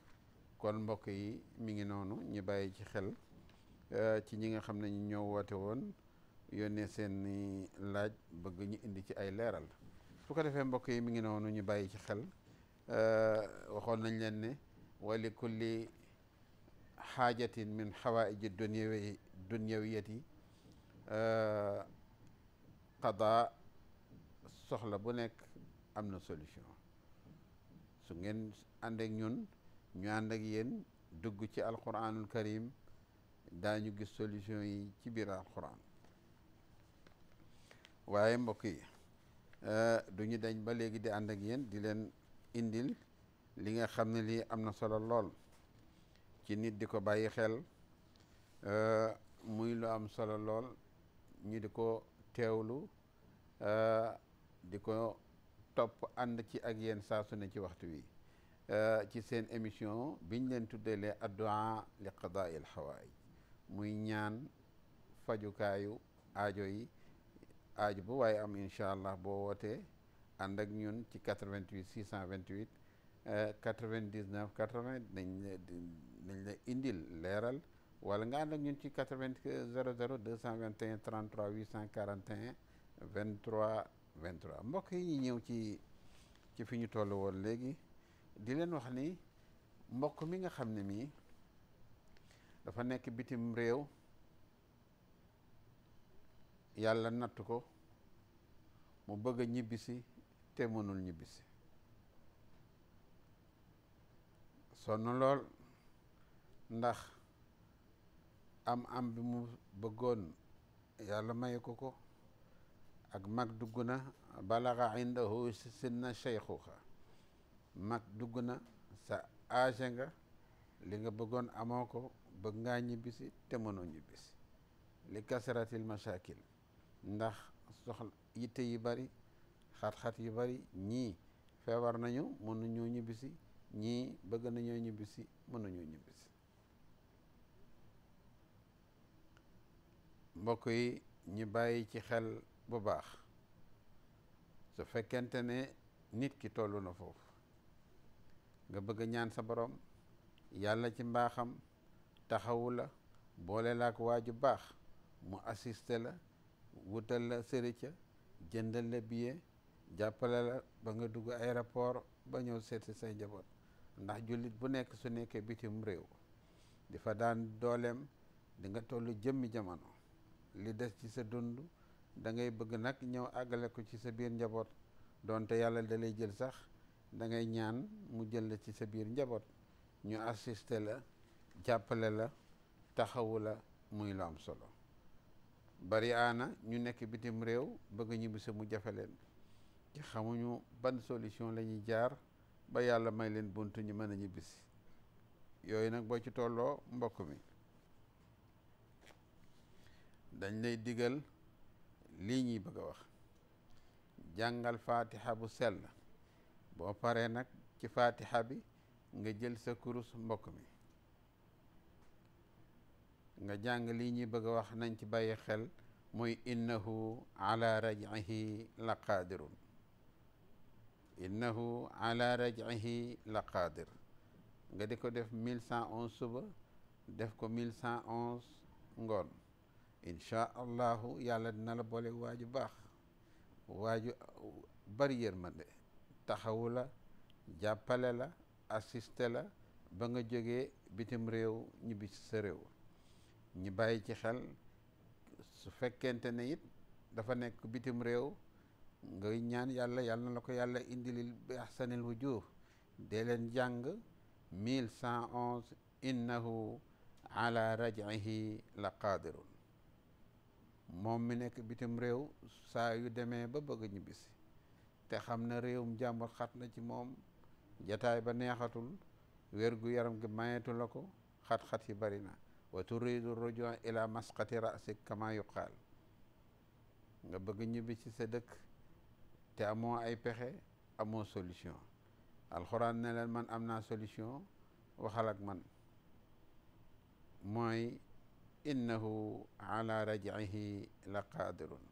kon mbokk yi mi ngi noonu ñu bàyyi ci xel euh, ci ñi nga xam ne ñu ñoo woote woon yónnee seeni laaj bëgg ñu indi ci ay leeral su ko defee mbokk yi mi ngi noonu ñu bàyyi ci xel euh, waxoon nañ leen ne wali kulli xaajatin min xawaaiji dunyawi dunyawiyati xadaa euh, soxla bu nekk am na solution su ngeen àndeek ñun ñu ànd ak yéen dugg ci alquranul karim daañu gis solution yi ci biir alquran waaye mbokk yi euh, du ñu dañ ba léegi di ànd ak yéen di leen indil li nga xam ne lii am na solo lool ci nit di ko bàyyi xel euh, muy lu am solo lool ñu di ko teewlu eh, di ko topp ànd ci ak yéen sasu su ci waxtu wi eh, ci seen émission biñ leen tuddalee addu'a li qadaa'il xawaa'ij muy ñaan fajukaayu aajo yi aajo bu waaye am incha allah boo wootee ànd ak ñun ci 88 628 99 80 nañ la nañ la indil leeral wala nga ànd ak ñun ci cent 00 221 33 841 23 23 mbokk yi ñu ñëw ci ci fi ñu toll woon léegi di leen wax ni mbokk mi nga xam ne mii dafa nekk bitim réew yàlla natt ko mu bëgg a ñibbisi te mënul ñibbisi sonn lool ndax am am bi mu bëggoon yàlla may ko ko ak mag dugg na balaga na sinna cheykhuxa mag dugg na sa âge nga li nga bëggoon amoo ko bëgg ngaa ñibbisi te mënoo ñibbisi li kasratil mashakil ndax soxla yitte yi bari xat-xat yu bari ñii feebar nañu mënuñoo ñibbisi ñii bëgg nañoo ñibbisi mënuñoo ñibbisi mbokk yi ñu bàyyi ci xel bu baax su fekkente ne nit ki tollu na foofu nga bëgg a ñaan sa borom yàlla ci mbaaxam taxawu la boole la ak waa ju baax mu assisté la wutal la sërica jëndal la billet jàppale la ba nga dugg aéroport ba ñëw seeti say njaboot ndax jullit bu nekk su nekkee bitim réew di fa daan dooleem di nga toll jëmmi jamono li des ci sa dund dangay bëgg nag ñëw àggale ko ci sa biir njaboot donte yàlla da lay jël sax dangay ñaan mu jël la ci sa biir njaboot ñu assisté la jàppale la taxawu la muy lu am solo bari aana ñu nekk bitim réew bëgg ñibbisi mu jafe leen ci xamuñu ban solution lañuy jaar ba yàlla may leen bunt ñu mën a ñibbisi yooyu nag boo ci tolloo mbokk mi dañ lay diggal lii ñuy bëgg a wax jàngal fatiha bu sell boo paree nag ci fatiha bi nga jël sa kurus mbokk mi nga jàng lii ñuy bëgg a wax nañ ci bàyyi xel mooy innahu ala raj'ihi la qaadirun innahu ala raj'ihi la qaadir nga di ko def mille cent onze suba def ko mille cent onze ngoon inchaa yàlla dina la boole waaju baax waaju bari yërmande taxawu la jàppale la assiste la ba nga jógee bitim réew ñibbi ci sa réew ñu bàyyi ci xel su fekkente ne it dafa nekk bitim réew ngay ñaan yàlla yàlla na la ko yàlla indilil bi ahsanil wujuh dee leen jàng mille cent onze innahu ala raj'ihi la qaadirun moom mi nekk bitim réew saa yu demee ba bëgg ñibbisi te xam na réewum jàmbur xat na ci moom jataay ba neexatul wér gu yaram gi mayetu la ko xat-xat yi bari na wa turidu rujua ila masqati rasik kama yuqaal nga bëgg ñibbisi sa dëkk te amoo ay pexe amoo solution alxuraan ne man am naa solution waxal ak man mooy innahu ala rajihi la qadirun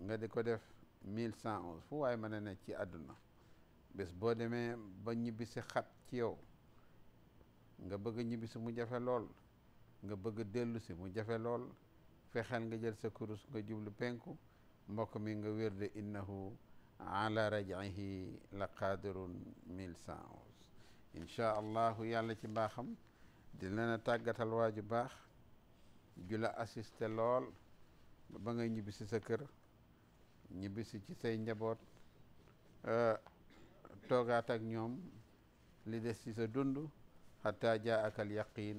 nga di ko def mille cent onze fu waaye mën a ne ci àdduna bés boo demee ba ñibbisi xat ci yow nga bëgg ñibbisi mu jafe lool nga bëgg dellu si mu jafe lool fexeel nga jël sa kurus nga jublu penku mbokk mi nga wér de innahu ala rajihi la qadirun mille cent onze inchaa allahu yàlla ci mbaaxam dina na tàggatal waaju baax jula assisté lool ba ngay ñibbisi sa kër ñibbisi ci say njaboot euh, toogaat ak ñoom li des ci sa dund xataa jaa akal yaqiin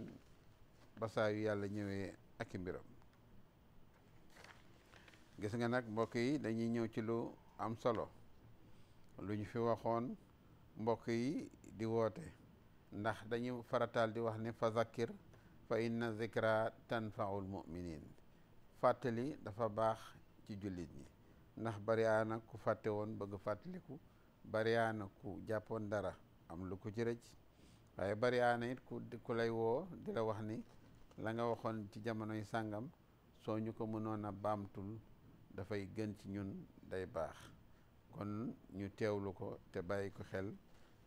ba saa yu yàlla ñëwee ak mbiram gis nga nag mbokk yi dañuy ñëw ci lu am solo lu ñu fi waxoon mbokk yi di woote ndax dañu farataal di wax ni fa zakkir fa inna zikra tanfaul muminin fàttali dafa baax ci jullit yi ndax bariyaana ku fàtte woon bëgg fàttaliku bariyaana ku jàppoon dara am lu ko ci rëcc waaye bariyaana it ku ku lay woo di la wax ni la nga waxoon ci jamonoy sàngam soo ñu ko mënoon a baamtul dafay gën ci ñun day baax kon ñu teewlu ko te bàyyi ko xel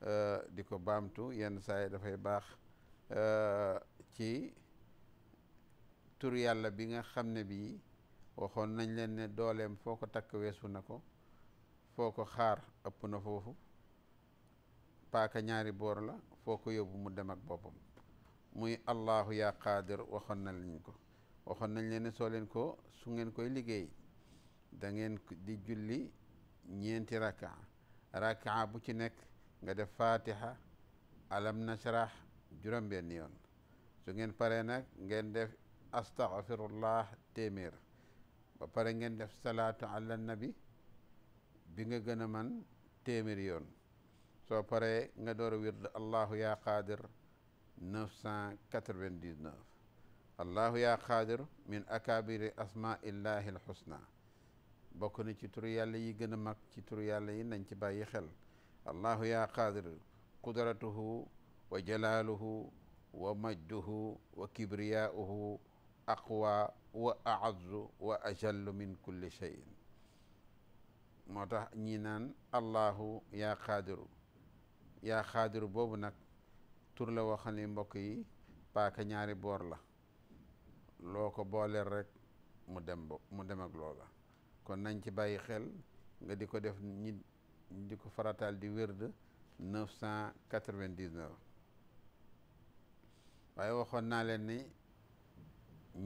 euh, di ko baamtu yenn saa yi dafay baax euh, ci tur yàlla bi nga xam ne bii waxoon nañ leen ne dooleem foo ko takk weesu na ko foo ko xaar ëpp na foofu paaka ñaari boor la foo ko yóbbu mu dem ak boppam muy allahu yaa qaadir waxoon nañ leen ko waxoon nañ leen ne soo leen ko su ngeen koy liggéey da ngeen di julli ñeenti rakaa rakaa bu ci nekk nga def fatiha alam nashrah juróom-benn yoon su ngeen pare nag ngeen def astaghfirullah téeméer ba pare ngeen def salaatu ala nabi bi nga gën a man téeméer yoon soo paree nga door a wird allahu yaa qaadir neuf cent quatre-vingt-dix-neuf allahu yaa qaadir min akabiri asmaillahi alxusna bokk na ci turu yàlla yi gën a mag ci turu yàlla yi nañ ci bàyyi xel allahu wa jalaaluhu wa majduhu wa kibriyaa'uhu aqwa wa a'azzu wa ajallu min kulli shay'in moo tax ñi naan allahu yaa xaadiru ya xaadiru boobu nag tur la woo xam mbokk yi paaka ñaari boor la loo ko booleel rek mu dem ba mu dem ak loola kon nañ ci bàyyi xel nga di ko def ñi di ko farataal di wérd neuf cent quatre-vingt-dix-neuf waaye waxoon naa leen ni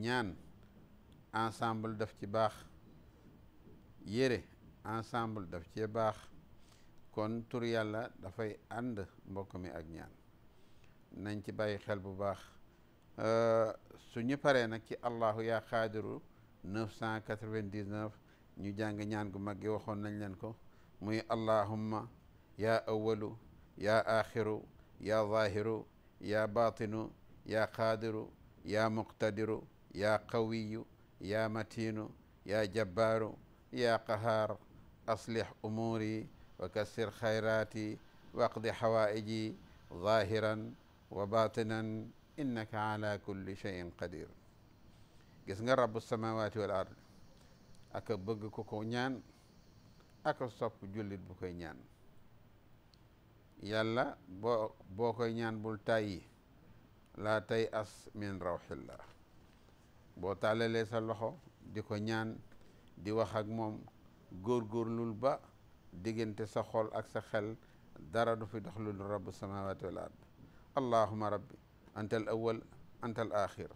ñaan ensemble daf ci baax yére ensemble daf cee baax kon tur yàlla dafay ànd mbokk mi ak ñaan nañ ci bàyyi xel bu baax euh, su ñu paree nag ci allahu yaa xaadiru 999 ñu jàng ñaan gu mag gi waxoon nañ leen ko muy allahumma yaa awalu yaa axiru yaa zahiru yaa batinu yaa qaadiru yaa muqtadiru yaa qawiyu yaa matiinu yaa jabbaaru yaa qahaar aslih umuuri wa kassir xayraati waqdi xawaaiji zaahiran wa baatinan innaka ala kulli cheyin qadir gis nga rabu samawaati wal ard aka bëgg ku ko ñaan aka sopp jullit bu koy ñaan yàlla boo boo koy ñaan bul tàyyi laa tay as min rawxillah boo tàllalee sa loxo di ko ñaan di wax ak moom góorgóorlul ba diggante sa xol ak sa xel dara du fi dox lu rabbu samawati wal ard allahuma rabbi anta al awal anta al axir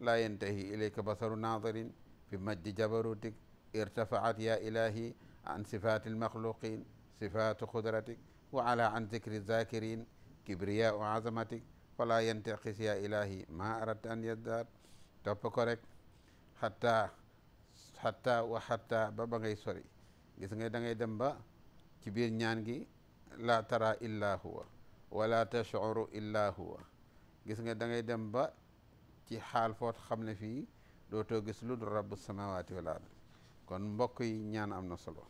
laa yantahi ilayka basaru naadirin fi majdi jabarutik irtafaat ya ilahi an sifati almaxluqin sifatu qudratik wa ala an zikri zakirin kibriya azamatik wala yantaqis ya ilahi ma arat an yazdaad topp ko rek xataa xataa wa xataa ba ba ngay sori gis nga da ngay dem ba ci biir ñaan gi laa tara illa wala tashuru illa gis nga da ngay dem ba ci xaal foot xam ne fii dootoo gis lu du rabbu samawaati wal ard kon mbokk yi ñaan am na solo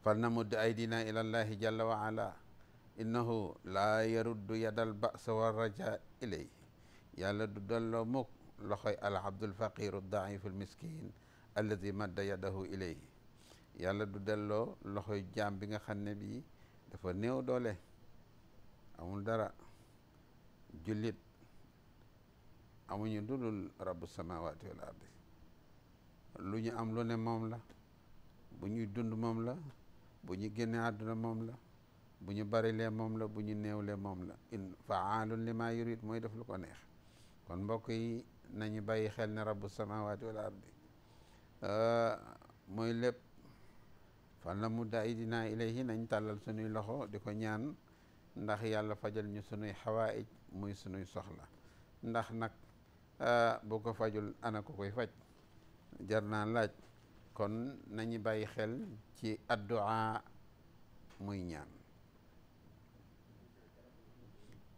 fal namud aydina ilallahi jalla wa ala innahu laa yaruddu yadal basa wa raja ilay yàlla du delloo mukk loxoy al abdul faqiru daifu lmiskin alladi madda yadahu ilay yàlla du delloo loxoy jaam bi nga xam ne bii dafa néew doole amul dara jullit amuñu dudul rabbu samawati wal ardi lu ñu am lu ne moom la bu ñuy dund moom la bu ñu génne àdduna moom la bu ñu bari barilee moom la bu ñu néewlee moom la in faalun li maa yurid mooy def lu ko neex kon mbokk yi nañu bàyyi xel ne rabbu samawaati wal ardi ah, mooy lépp fan la mu daay dinaa ilayhi nañ tàllal sunuy loxo di ko ñaan ndax yàlla fajal ñu sunuy xawaayij muy sunuy soxla ndax nag ah, bu ko fajul ana ko koy faj jar naa laaj kon nañu bàyyi xel ci addu'a muy ñaan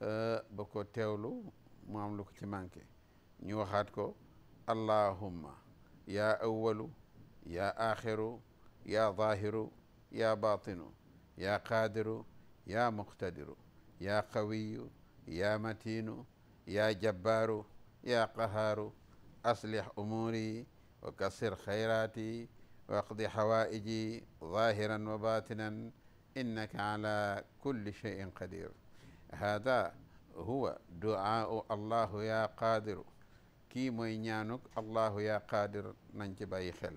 Euh, ba ko teewlu mu am lu ko ci manqué ñu waxaat ko allahumma yaa awalu yaa axiru yaa zahiru yaa batinu yaa qaadiru yaa muqtadiru yaa qawiyu yaa matinu yaa jabbaaru yaa qahaaru aslix umuuri wa kassir xayraati wa aqdi xawaaiji zahiran wa batinan innaka ala kulli cheyin qadir hada huwa duaau allahu ya qaadiru kii mooy ñaanuk allahu ya qaadir nañ ci bàyyi xel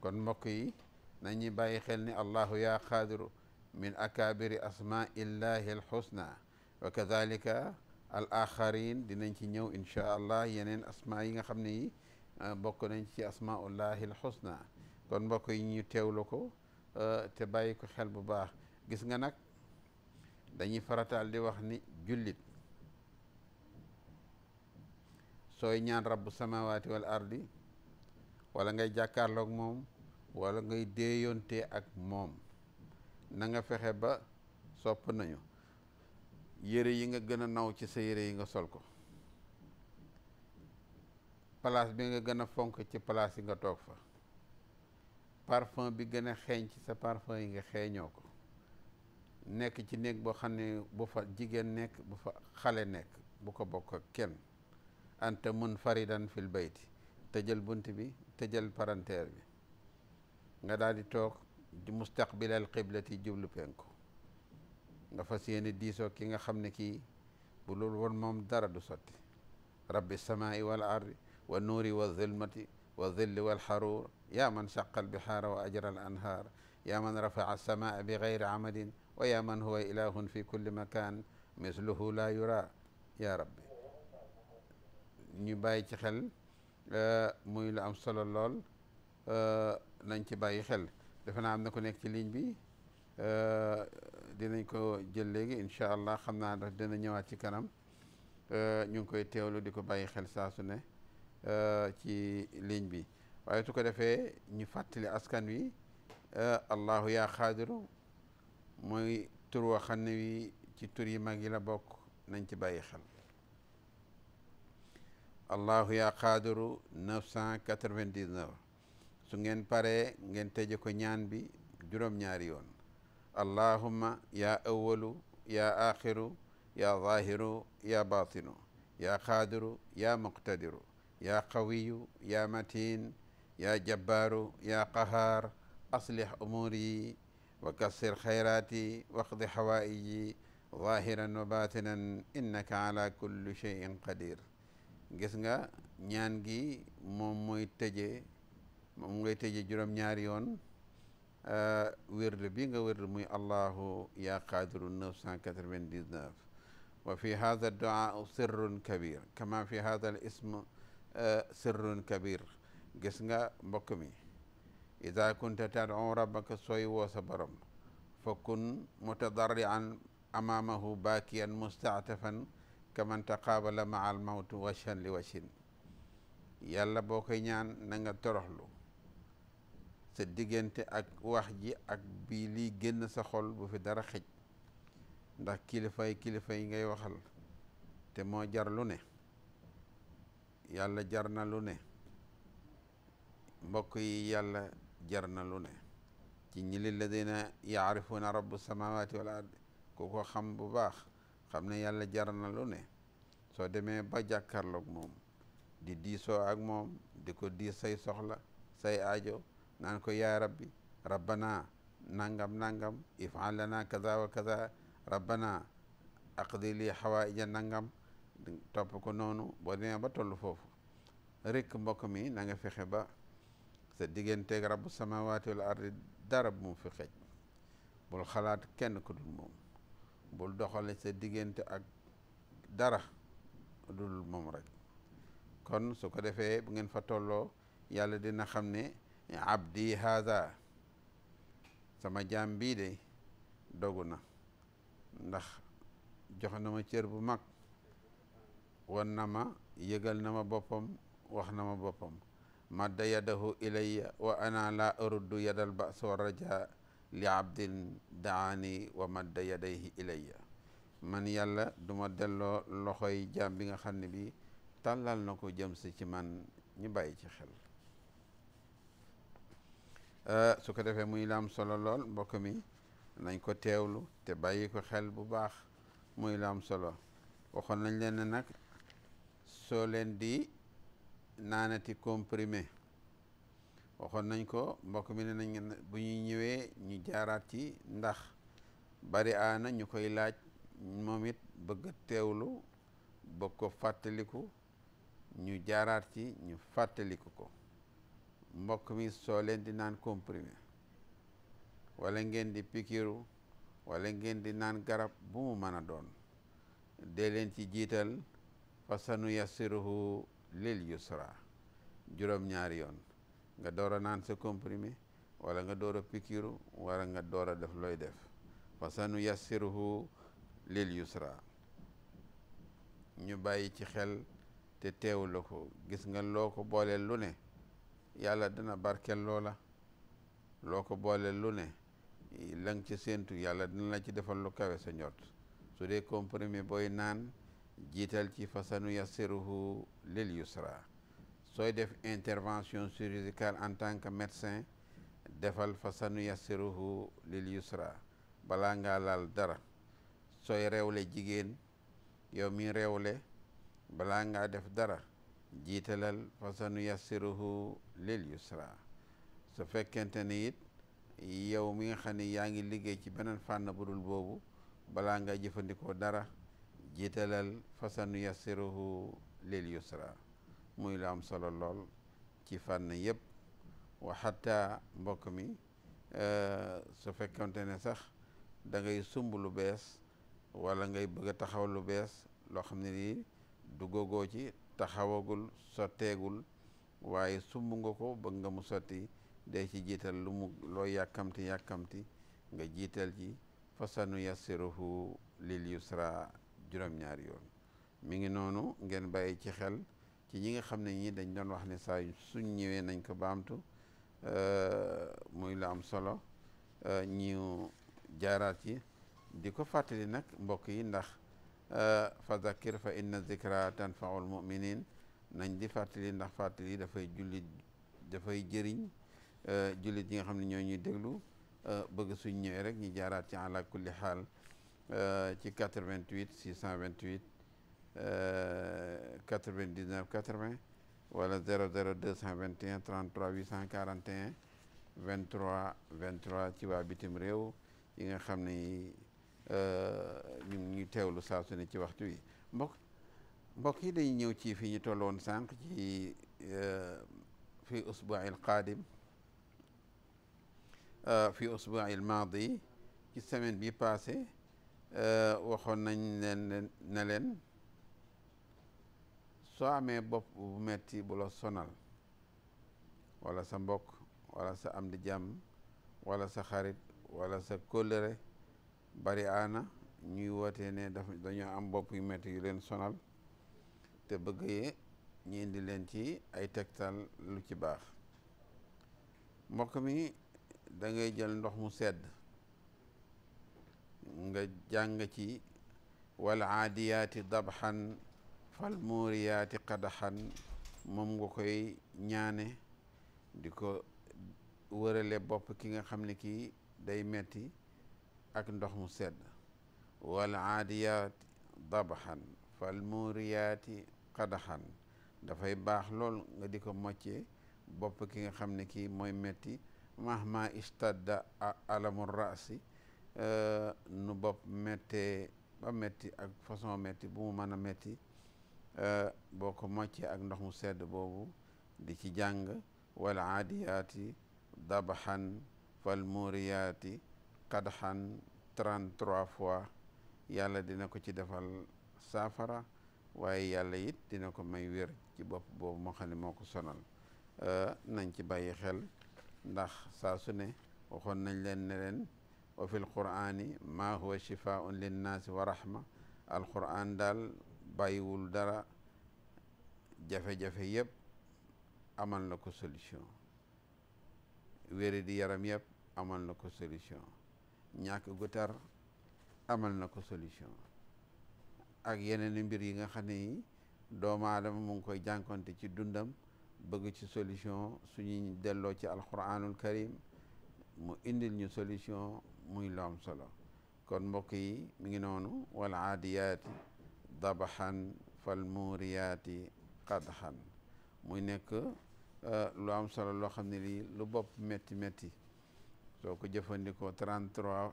kon mbokk yi nañu bàyyi xel ni allahu ya qaadiru min akaabiri asmaa illahi alxusna wa kadalika al axarin dinañ ci ñëw inchaa allah yeneen asmaa yi nga xam ne yi bokk nañ ci asmaullahi alxusna kon mbokk yi ñu teewlu ko te bàyyi ko xel bu baax gis nga nag dañuy farataal di wax ni jullit sooy ñaan rabbu samawaati wal ardi wala ngay jàkkaarloog moom walla ngay déeyontee ak moom na nga fexe ba sopp nañu yére yi nga gën a naw ci sa yére yi nga sol ko place bi nga gën a fonk ci place yi nga toog fa parfum bi gën a xeeñ ci sa parfum yi nga xeeñoo ko nekk ci néeg boo xam ne bu fa jigéen nekk bu fa xale nekk bu ko bokk kenn anta mun faridan fil bayti tëjal bunt bi tëjal paranteer bi nga daal di toog di mustaqbilal qiblati jublu penku nga fas yéene diso ki nga xam ne kii bu loolu woon moom dara du sotti rabbi samaai wal ardi wa nuuri wa zulmati wa zilli wal xaruur yaa man shaqal bihaara wa ajral anhaar yaa man rafaa samaa bi gayri amadin wa yaa man huwa ilahun fi kulli makan misluhu la yura ya rabbi ñu bàyyi ci xel euh, muy lu am solo lool euh, nañ ci bàyyi xel defe naa am na ko nekk ci ligne bi euh, dinañ ko jël léegi incha allah xam naa daf dina ñëwaat ci kanam ñu ngi koy teewlu di ko bàyyi xel saa su ne ci ligne bi waaye su ko defee ñu fàttali askan wi allahu ya xaadiru mooy tur woo xam ne wi ci tur yi mag yi bokk nañ ci bàyyi xel allahu yaa qaadiru neuf cent quatre su ngeen paree ngeen tëje ko ñaan bi juróom-ñaari yoon allahumma yaa awalu yaa axiru yaa zahiru yaa batinu yaa qaadiru yaa muqtadiru yaa qawiyu yaa matin yaa jabbaaru yaa qahaar aslih umuuri wa kassir xayraati waqdi xawaaiji zahiran wa batinan innaka ala kulli cheyin qadir gis nga ñaan gi moom mooy tëje moom ngay tëje juróom-ñaari yoon wérd bi nga wérd muy allahu ya qaadiru 999 wa fi hada duaa sirrun kabir kama fi hada al ism sirrun kabir gis nga mbokk mi ida kunta tad'u rabbaka sooy woo sa borom fa kun mutadarrian amaamahu baakiyan mustaatafan kaman taqaabala maa al mawtu washan li washin yàlla boo koy ñaan na nga toroxlu sa diggante ak wax ji ak bii lii génn sa xol bu fi dara xëj ndax kilifay kilifa yi ngay waxal te moo jar lu ne yàlla jar na lu ne mbokk yi yàlla jar na lu ne ci ñili ladina yaarifuuna rabbu samawati wal ardi ku ko xam bu baax xam ne yàlla jar na lu ne soo demee ba jàkkarloog moom di diisoo ak moom di ko di say soxla say ajo naan ko yaa rabbi rabbana nangam nangam ifal lana kaza wa kaza rabbana aqdi li xawaaija nangam topp ko noonu boo demee ba toll foofu rek mbokk mi na nga ba sa diggante rabbu samawaati wal ardi dara bu mu fi xej bul xalaat kenn ku dul moom bul doxale sa diggante ak dara dul moom rekk kon su ko defee bu ngeen fa tolloo yàlla dina xam ne abdi haza sama jaam bii de dogu na ndax joxe na ma cër bu mag wan na ma yëgal na ma boppam wax na ma boppam madda yadahu ilayya wa ana la uruddu yadal ba'si wa raja li abdin daani wa madda yadayhi ilayya man yàlla duma delloo loxoy jaam bi nga xam ne bi tàllal na ko jëm si ci man ñu bàyyi ci xel euh, su ko defee muy laam solo lool mbokk mi nañ ko teewlu te bàyyi ko xel bu baax muy laam solo waxoon nañ leen nag soo leen di naanati comprimé waxoon nañ ko mbokk mi ne nañ bu ñuy ñëwee ñu jaraat ci ndax bari aana ñu koy laaj moom it bëgg teewlu bëgg ko fàttaliku ñu jaraat ci ñu fàttaliku ko mbokk mi soo leen di naan comprimé wala ngeen di pikiru wala ngeen di naan garab bu mu mën a doon dee leen ci jiital fa sanu lil yusra juróom-ñaari yoon nga door a naan sa comprimé walla nga door a nga door a def looy def fa sanu yassiruhu lil yusra ñu bàyyi ci xel te teewu la ko gis nga loo ko booleel lu ne yàlla dina barkel loola loo ko booleel lu ne la nga ci séentu yàlla dina la ci defal lu kawe sa njort su dee comprimé booy naan jiital ci fasanu yassiruhu lil yusra sooy def intervention chirurgicale en tant que médecin defal fasanu yassiruhu lil yusra balaa nga laal dara sooy rewle jigéen yow mi rewle balaa ngaa def dara jiitalal fasanu yassiruhu lil yusra su fekkente ni it yow mi nga xam ne yaa ngi liggéey ci beneen fànn budul boobu balaa nga jëfandikoo dara jiitalal fasanu yassiruhu lil yusra muy la am solo lool ci fànn yëpp wa mbokk mi euh, su fekkonte ne sax dangay sumb lu bees wala ngay bëgg a taxaw lu bees loo xam ne nii duggagoo ci taxawagul sotteegul waaye sumb nga ko bëgg nga mu sotti dee ci jiital lu mu loo yàkkamti yàkkamti nga jiital ci fasanu yassiruhu lil yusra juróom-ñaari yoon mu ngi noonu ngeen bàyyi ci xel ci ñi nga xam ne ñi dañ doon wax ne saa suñ ñëwee nañ ko baamtu euh, muy la am solo euh, ñu jaaraat yi di ko fàttali nag mbokk yi ndax euh, fa zakir fa inna zikra tanfaul muminin nañ di fàttali ndax fàttali dafay jullit dafay jëriñ jullit yi nga xam ne ñoo ñuy déglu bëgg suñ ñëwee rek ñu jaaraat ci laa kulli xaal Euh, ci 88 628 99 80 wala 00 221 33 841 23 23 ci waa bitim réew yi nga xam ni euh, ñu ngi teewlu saa su ne ci waxtu wi mbokk mbokk yi dañuy ñëw ci fi ñu tolloon sànq ci euh, fi usbuil qaadim fi usbuil maadi ci semaine bi passé Euh, waxoon nañ leen ne leen soo amee bopp bu metti bu sonal wala sa mbokk wala sa am di jàmm wala sa xarit wala sa kóllëre bari aana ñuy wootee ne daf dañu am bopp yu metti yu leen sonal te bëggee ñu indi leen ci ay tegtal lu ci baax mbokk mi dangay jël ndox mu sedd nga jàng ci wal aadiyaati dabxan fal muuriyaati qadaxan moom nga koy ñaane di ko wërale bopp ki nga xam ni kii day metti ak ndox mu sedd wal aadiyaati dabxan fal muuriyaati qadaxan dafay baax lool nga di ko moccee bopp ki nga xam ne kii mooy metti mahma istadda alamu raasi Euh, nu bopp méttee ba métti ak façon metti bu mu mën a métti euh, boo ko moccee ak ndox mu sedd boobu di ci jàng wal aadiyaati dabaxan fal muuriyaati qadxan trois fois yàlla dina ko ci defal saafara waaye yàlla yit dina ko may wér ci bopp boobu moo xam ko sonal euh, nañ ci bàyyi xel ndax saa ne waxoon nañ leen ne leen wa fi lqur'ani ma huwa shifaun linnaasi wa rahma alqur'an daal bàyyiwul dara jafe-jafe yëpp amal na ko solution wéri di yaram yëpp amal na ko solution ñàkk gu amal na ko solution ak yeneen mbir yi nga xam ne yi doomu aadama mu ngi koy jànkonte ci dundam bëgg ci solution suñuy delloo ci alqur'anul karim mu indil ñu solution muy lu am solo kon mbokk yi mi ngi noonu wal aadiyaati dabaxan fal muuriyaati qadxan muy nekk euh, lu am solo loo xam ne lii lu bopp métti métti soo ko jëfandikoo 33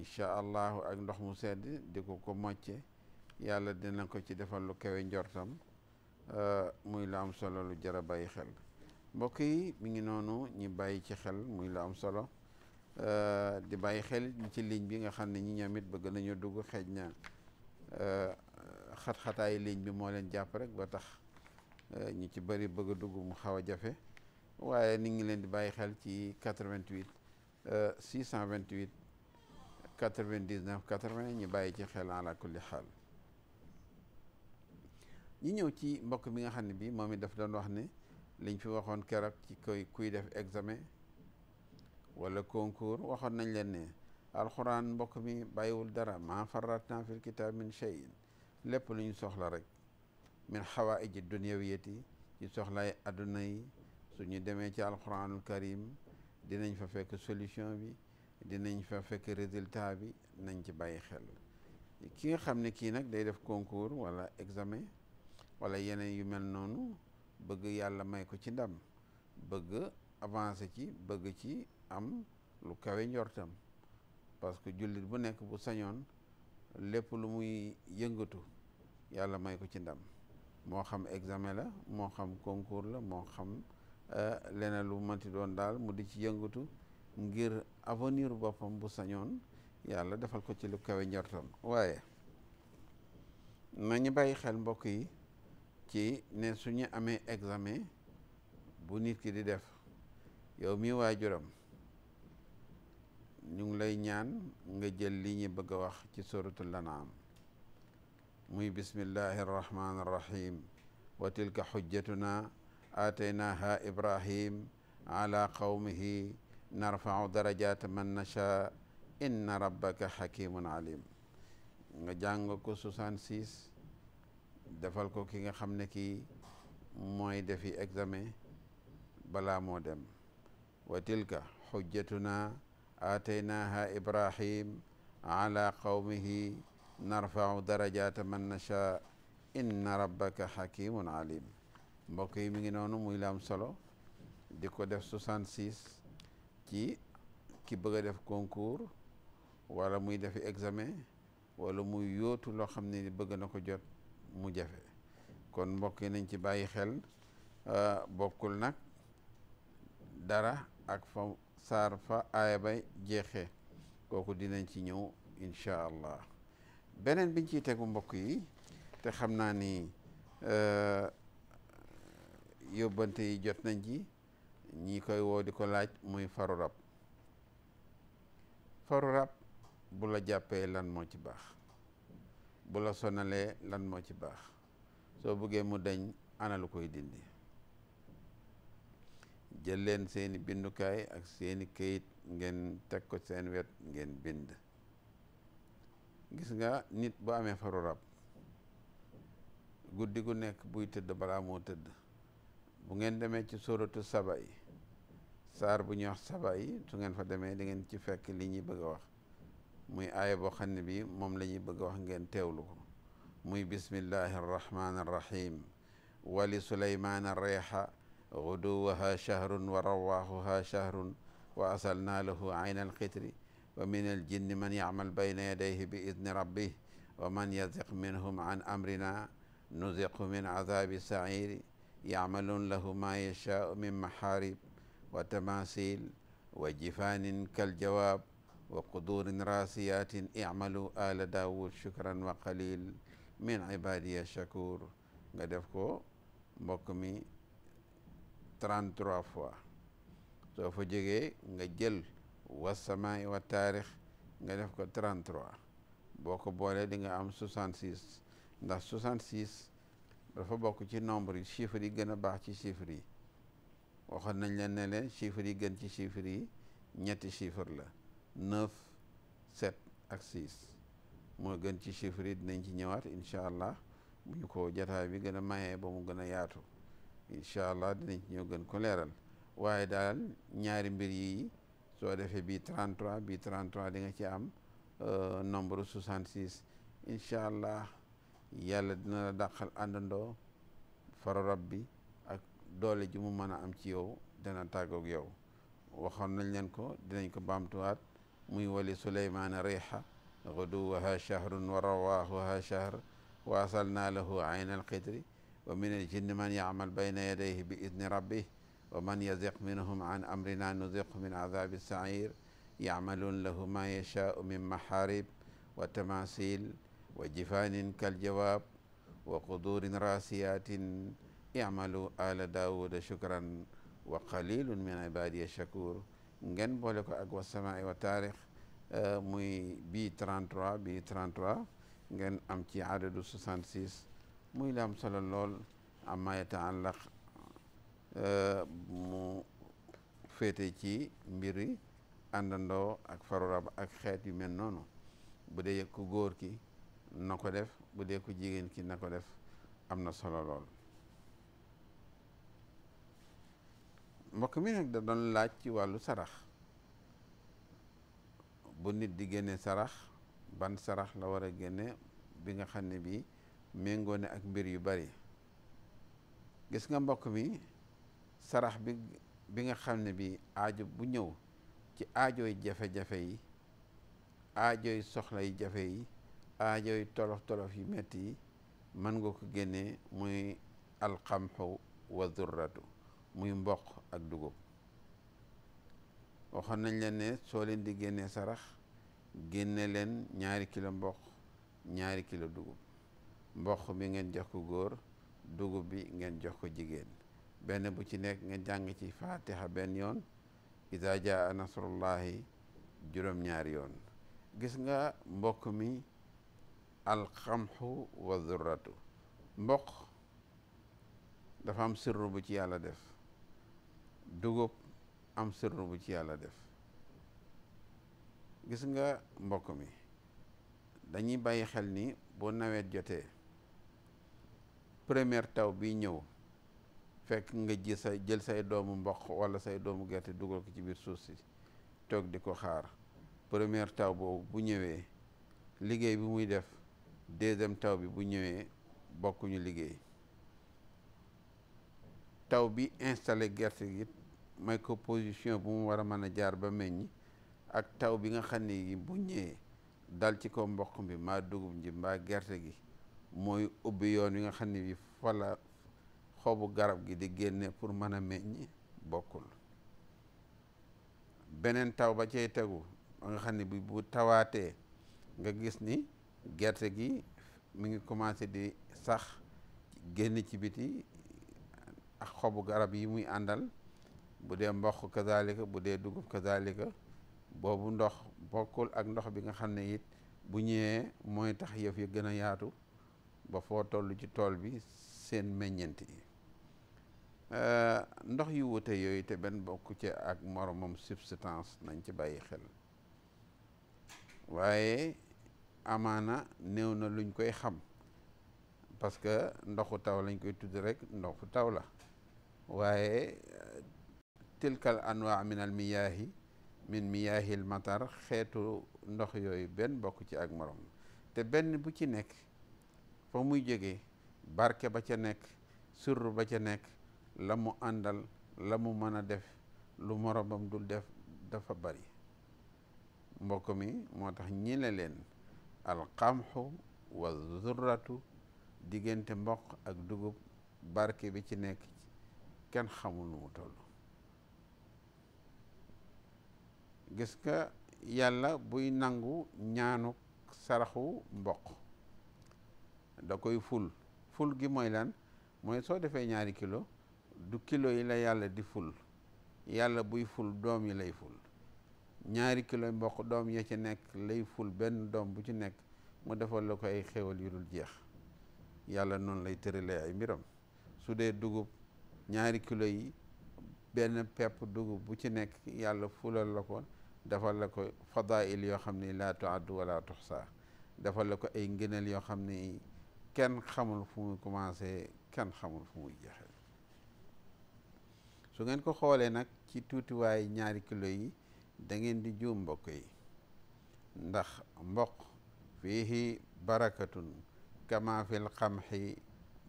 incha allahu ak ndox mu sedd di ko ko mocce yàlla dina ko ci defal lu kawe njortam euh, muy lu am solo lu jar a bàyyi xel mbokk yi mi ngi noonu ñi bàyyi ci xel muy lu am solo Euh, di bàyyi xel ci ligne bi nga xam ne ñi ñoom it bëgg nañu dugg xeej na euh, xat-xataayu ligne bi moo leen jàpp rek ba tax euh, ñu ci bëri bëgg a dugg mu xaw a jafe waaye ni ngi leen di bàyyi xel ci 88 628 99 80 ñu bàyyi ci xel ala kulli xaal ñi ñëw ci mbokk mi nga xam ne bii moom it daf doon wax ne liñ fi waxoon keroog ci koy kuy def examen wala concours waxoon nañ leen ne alxuraan mbokk mi bàyyiwul dara maa farratna fil kitab min shay'in lépp lu ñu soxla rek min xawaaiji dunyawiyati ci soxlay adduna yi su ñu demee ci alxuraanul karim dinañ fa fekk solution bi dinañ fa fekk résultat bi nañ ci bàyyi xel ki nga xam ne kii nag day def concours wala examen wala yeneen yu mel noonu bëgg yàlla may ko ci ndam bëgg avancer ci bëgg ci am lu kawe njortam parce que jullit bu nekk bu sañoon lépp lu muy yëngatu yàlla may ko ci ndam moo xam examen la moo xam concours la moo xam euh, leneen lu manti doon daal mu di ci yëngatu ngir avenir boppam bu sañoon yàlla defal ko ci lu kawe njortam waaye nañu bàyyi xel mbokk yi ci ne suñu amee exame bu nit ki di def yow mi waajuram ñu ngi lay ñaan nga jël li ñu bëgg a wax ci suratul an'am muy bismillahi arrahmani arrahim wa tilka xujjatuna aataynaaha ibrahim ala qawmihi narfau darajata man nacha inna rabbaka xakimun alim nga jàng ko 66 defal ko ki nga xam ne kii mooy defi examen balaa moo dem wa tilka xujjatuna aataynaaha ibrahim ala qawmihi narfau darajata man nacha inna rabbaka hakimun alim mbokk yi mi ngi noonu muy la am solo di ko def 66 ci ki bëgg a def concours wala muy defi examen wala muy yóotu loo xam ne bëgg na ko jot mu jafe kon mbokk yi nañ ci bàyyi xel euh, bokkul nag dara ak fa saar fa aaya ba jeexee kooku dinañ ci ñëw incha allah beneen biñ ciy tegu mbokk yi te xam naa ni euh, yóbbante yi jot nañ ci ñi koy woo di ko laaj muy faru rab faru rab bu la jàppee lan moo ci baax bu la sonalee lan moo ci baax soo bëggee mu dañ analu koy dindi jël leen seeni bindukaay ak seeni këyit ngeen teg ko seen wet ngeen bind gis nga nit bu amee faru rab guddi gu nekk buy tëdd balaa moo tëdd bu ngeen demee ci sóoratu saba yi saar bu ñuy wax saba yi su ngeen fa demee di ngeen ci fekk li ñuy bëgg a wax muy aaya boo xam ne bii moom lañuy bëgg a wax ngeen teewlu ko muy bismillahi arrahmani arrahim wali suleymaana reexa غدوها شهر ورواحها شهر وأصلنا له عين القتر ومن الجن من يعمل بين يديه بإذن ربه ومن يزق منهم عن أمرنا نزق من عذاب السعير يعملون له ما يشاء من محارب وتماثيل وجفان كالجواب وقدور راسيات اعملوا آل داود شكرا وقليل من عبادي الشكور nga def ko mbokk mi 33 fois soo fa jógee nga jël wa samaay wa taarix nga def ko 33 boo ko boolee di nga am 66 ndax 66 dafa bokk ci nombre yi chiffres yi gën a baax ci chiffres yi waxoon nañ leen ne leen chiffres yi gën ci chiffres yi ñetti chiffres la 9 7 ak 6 moo gën ci chiffres yi dinañ ci ñëwaat incha allah bu ñu ko jataay bi gën a mayee ba mu gën a yaatu incha allah dinañ ci ñëw gën ko leeral waaye daal ñaari mbir yi soo defee bii 33 bii 33 di nga ci am euh, nombre 66 incha allah yàlla dina la dàqal àndandoo fara rabbi ak doole ji mu mën a am ci yow dana tàggoog yow waxoon nañ leen ko dinañ ko baamtuwaat muy wali suleymaana riixa guduwaha shahrun wa rawaahuha shahr wa asalnaa lahu ayna alqitri wa min al-jinni man ya'mal bayna yadayhi bi idni rabbih wa man yaziq minhum an amrina nuziqhu min azabi as-sa'ir ya'malun lahu ma yasha'u min maharib wa tamasil wa jifanin kaljawab wa qudurin rasiyatin i'malu ala daawuda shukran wa qalilun min ibadiya shakur ngeen boole ko ak wa samaai wa taarix eh, muy bii 33 bii 33 ngeen am ci adadu 66 muy la am solo lool amma yataallaq eh, mu féete ci mbiri àndandoo ak farurab ak xeet yu mel noonu bu dee ku góor ki na ko def bu dee ku jigéen ki na ko def am na solo lool mbokk mi nag da doon laaj ci wàllu sarax bu nit di génne sarax ban sarax la war a génne bi nga xam ne bii méngoo ne ak mbir yu bari gis nga mbokk mi sarax bi bi nga xam ne bi ajo bu ñëw ci aajooy jafe-jafe yi aajooy soxla yi jafe yi aajooy tolof-tolof yu metti yi mën nga ko génnee muy alxamxu wa durratu muy mboq ak dugub waxoon nañ leen ne soo leen di génnee sarax génne leen ñaari kilo mboq ñaari kilo dugub mboq mi ngeen jox ko góor dugub bi ngeen jox ko jigéen benn bu ci nekk ngeen jàng ci fatiha benn yoon iza jaa nasrullahi juróom-ñaari yoon gis nga mbokk mi alxamxu wa zurratu mboq dafa am sirru bu ci yàlla def dugub am sirru bu ci yàlla def gis nga mbokk mi dañuy bàyyi xel ni bu nawet jotee première taw bi ñëw fekk nga ji sa jël say doomu mboq wala say doomu gerte dugal ko ci biir suuf si toog di ko xaar première taw boobu bu ñëwee liggéey bi muy def deuxième taw bi bu ñëwee bokkuñu liggéey taw bi installé gerte gi may ko position bu mu war a mën a jaar ba meññ ak taw bi nga xam ne bu ñëwee dal ci ko mboq bi mbaa dugub ji mbaa gerte gi mooy ubbi yoon wi nga xam ne bi fa la xobu garab gi di génne pour mën a meñ bokkul beneen taw ba cay tegu ba nga xam ne bi bu tawaatee nga gis ni gerte gi mi ngi commencé di sax génn ci biti ak xobu garab yi muy àndal bu dee mboq kazalika bu dee dugub kazalika boobu ndox bokkul ak ndox bi nga xam ne it bu ñëwee mooy tax yëf ya gën a yaatu ba foo toll ci tool bi seen meññent yi eh, ndox yu wute yooyu te benn bokku ci ak moromam substance nañ ci bàyyi xel waaye amaana néew na luñ koy xam parce que ndoxu taw lañ koy tudd rek ndoxu taw la waaye tilkal anwaa min al miyaahi min miyaahil matar xeetu ndox yooyu benn bokk ci ak morom te benn bu ci nekk fa muy jóge barke ba ca nekk surr ba ca nekk la mu àndal la mu mën a def lu moromam dul def dafa bari mbokk mi moo tax ñi ne leen alqamxu wa zurratu diggante mboq ak dugub barke bi ci nekk kenn xamul nu mu toll gis ka yàlla buy nangu ñaanu saraxu mboq da koy ful ful gi mooy lan mooy soo defee ñaari kilo du kilo yi la yàlla di ful yàlla buy ful doom yi lay ful ñaari kilo mboq doom yi ci nekk lay ful benn doom bu ci nekk mu defal la ko ay xéwal yu dul jeex yàlla noonu lay tëralee ay mbiram su dee dugub ñaari kilo yi benn pepp dugub bu ci nekk yàlla fulal la ko defal la ko fadail yoo xam ne laa tuaddu wala tuxsa defal la ko ay ngëneel yoo xam ne kenn xamul fu muy commencé kenn xamul fu muy jeexe su ngeen ko xoolee nag ci tuutiwaay ñaari kilo yi dangeen di juum mbokk yi ndax mboq fiihi barakatun kama fil xamxi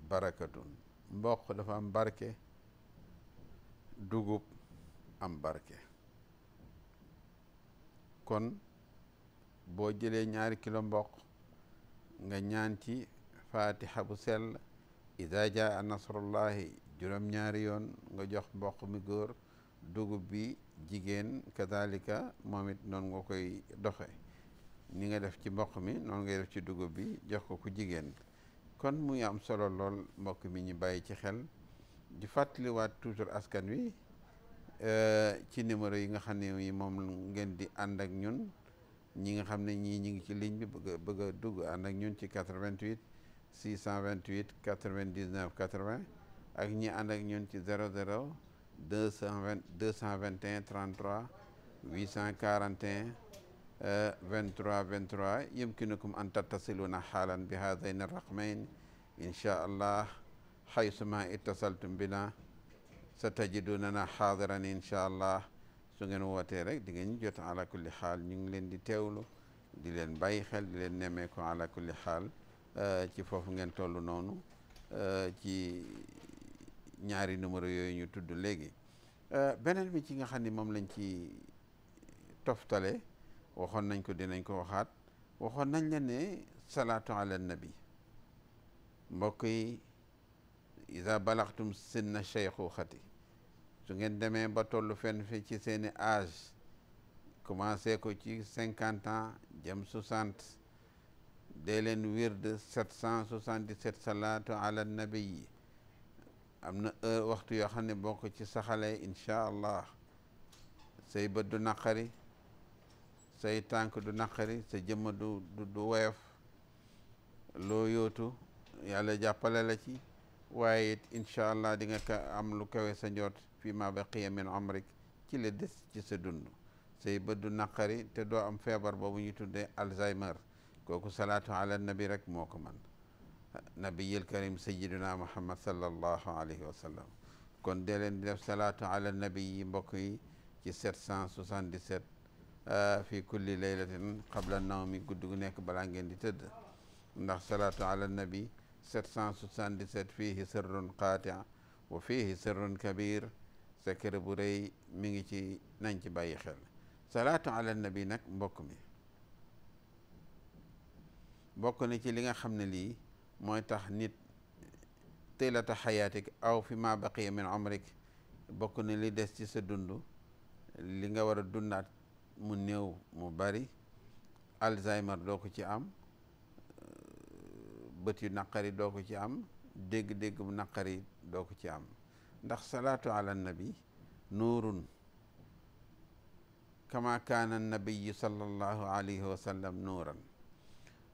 barakatun mboq dafa am barke dugub am barke kon boo jëlee ñaari kilo mboq nga ñaan fatiha bu sell ida jaa nasrullahi juróom-ñaari yoon nga jox mboq mi góor dugub bi jigéen kadalika moom it noonu nga koy doxe ni nga def ci mboq mi noonu ngay def ci dugub bi jox ko ku jigéen kon muy am solo lool mbokk mi ñu bàyyi ci xel di fàttaliwaat toujours askan wi euh, ci numéro yi nga xam ne yi moom ngeen di ànd ak ñun ñi nga xam ne ñii ñi ngi ci ligne bi bëgg bëgg dugg ànd ak ñun ci 88 628 99 80 ak ñi ànd ak ñun ci vingt 220 221 33 841 23 23 yumkinukum an tattasiluna xaalan bi haadayn arraqmayn inchaa allah xaysuma ittasaltum bina sa tajidunana xaadiran inchaa allah su ngeen wootee rek di ngeen jot ala kulli xaal ñu ngi leen di teewlu di leen bàyyi xel di leen nemmeeku ala kulli xaal Euh, ci foofu ngeen toll noonu euh, ci ñaari numéro yooyu ñu tudd léegi euh, beneen bi ci nga xam ni moom lañ ci toftale waxoon nañ ko dinañ ko waxaat waxoon nañ leen ne salaatu ala nabi mbokk yi isa balaxtum sinna cheyxuxati su ngeen demee ba toll fenn fi ci seeni age commencé ko ci cinquante ans jëm soixante dee leen wird 777 salaatu ala nabi am na waxtu yoo xam ne bokk ci saxalee incha allah say bët du naqari say tànk du naqari sa jëmm du du woyof loo yootu yàlla jàppale la ci waaye it incha allah di nga ka am lu kawe sa njoot fii ma baqiya min amrik ci la des ci sa dund say bët du naqari te doo am feebar boobu ñu tuddee alzheimer kooku salaatu ala rek moo ko man nabiyil karim sayiduna muhammad sallallahu alayhi wa sallam kon dee leen di def salaatu ala nabi yi mbokk yi ci 777 euh, fi kulli laylatin qabla nawmi gudd gu nekk balaa ngeen di tëdd ndax salaatu ala nabi 777 fihi sirrun qaati wa fihi sirrun kabir secret bu rëy mi ngi ci nañ ci bàyyi xel salaatu ala nabi nag mbokk mi bokk na ci li nga xam ne lii mooy tax nit tilata xayaatik aw fi ma baqiya min umrik bokk na li des ci sa dund li nga war a dundaat mu néew mu bari alzheimer doo ko ci am euh, bët yu naqari doo ko ci am dégg-dégg bu naqari doo ko ci am ndax salaatu ala nabi nuurun kama kaana nabiyu sallallahu alayhi wa sallam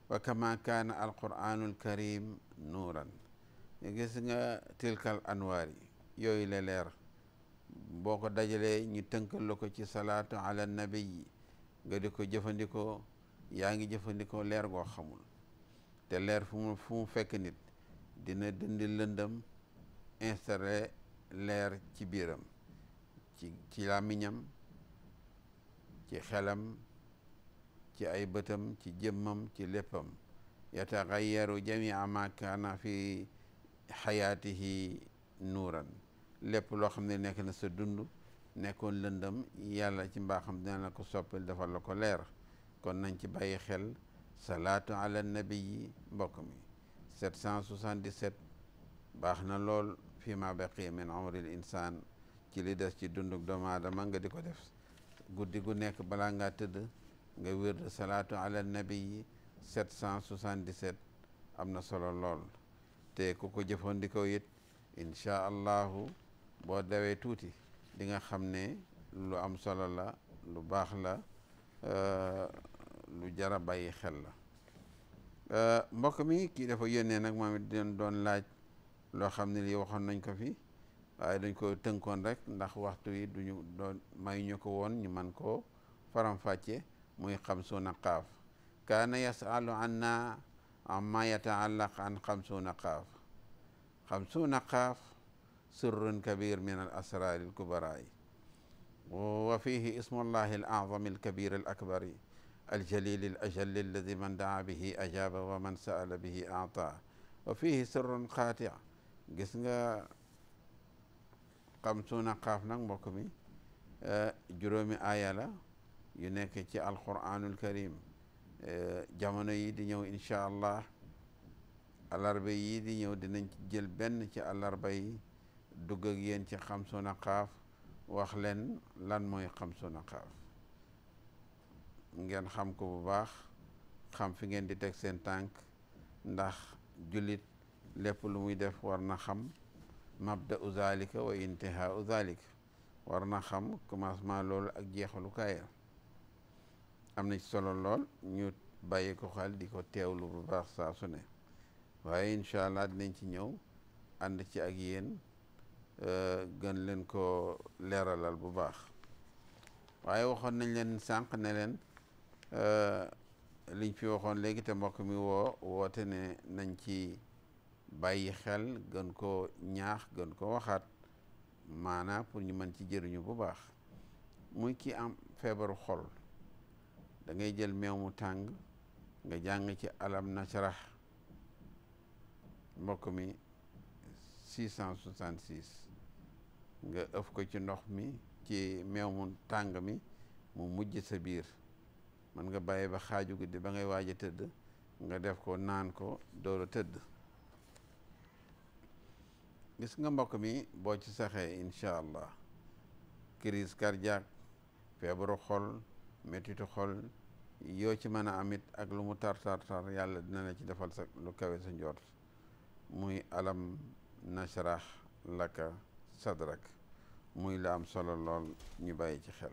wa kama kaana alquranul karim nuuran gis nga tilkal anwaar yi yooyu la leer boo ko dajalee ñu tënkal la ko ci salaatu ala nabi yi nga di ko jëfandikoo yaa ngi jëfandikoo leer goo xamul te leer fu mu fekk nit dina dindi lëndëm installé leer ci biiram ci ci làmmiñam ci xelam ci ay bëtam ci jëmmam ci léppam yataxayaru jamia ma kaana fi xayaatihi nuuran lépp loo xam ne nekk na sa dund nekkoon lëndam yàlla ci mbaaxam dina la ko soppil dafa la ko leer kon nañ ci bàyyi xel salaatu ala nabi mbokk mi 777 baax na lool fi ma baqiya min umril insaan ci li des ci dunduk doomu aadama nga di ko def guddi gu nekk balaa ngaa tëdd nga wér de salaatu ala nabi 777 am na solo lool te ku ko jëfandikoo it incha allahu boo dawee tuuti di nga xam ne lu am solo la lu baax la lu jara bàyyi xel la mbokk mi kii dafa yónnee nag moom it den doon laaj loo xam ne lii waxoon nañ ko fi waaye dañ ko tënkoon rek ndax waxtu yi duñu doon may ñu ko woon ñu man koo faramfàcce muy xamsuuna qaaf kaana yasalu anna amma yataallaq an xamsuuna qaaf xamsuuna qaaf sirrun kabir min al asrar al kubarai wa fihi ismu allahi al azam al kabir al akbari الجليل الأجل الذي من دعا به أجاب ومن سأل به أعطى وفيه سر قاطع gis nga xamsuuna qaaf nag mbokk mi eh, juróomi aaya la yu nekk ci alquranul karim eh, jamono yi di ñëw incha allah alarba yii di ñëw dinañ jël benn ci alarba yi dugg ak yéen ci xamsuna qaaf wax leen lan mooy xamsuna qaaf ngeen xam ko bu baax xam fi ngeen di teg seen tànk ndax julit lépp lu muy def war na xam mabda u zalika wa intihaa u zalika war na xam commencement loolu ak jeexalu kaayam am na ci solo lool ñu bàyyi ko xel di ko teewlu bu baax saa ne waaye incha allah dinañ ci ñëw ànd ci ak yéen euh, gën leen ko leeralal bu baax waaye waxoon nañ leen sànq ne leen euh, liñ fi waxoon léegi te mbokk mi woo woote ne nañ ci bàyyi xel gën ko ñaax gën ko waxaat maanaam pour ñu mën ci jëriñu bu baax muy kii am feebaru xol da ngay jël meew mu tàng nga jàng ci alam nasrah mbokk mi 666 nga ëf ko ci ndox mi ci meew mu tàng mi mu mujj sa biir mën nga bàyyi ba xaaju guddi ba ngay waaj a tëdd nga def ko naan ko door tëdd gis nga mbokk mi boo ci saxee incha allah crise cardiaque feebaru xol méttitu xol yoo ci mën a amit ak lu mu tar tar tar yàlla dina la ci defal sa lu kawee sa njort muy alam nashrah laka sadrak muy la am solo lool ñu bàyyi ci xel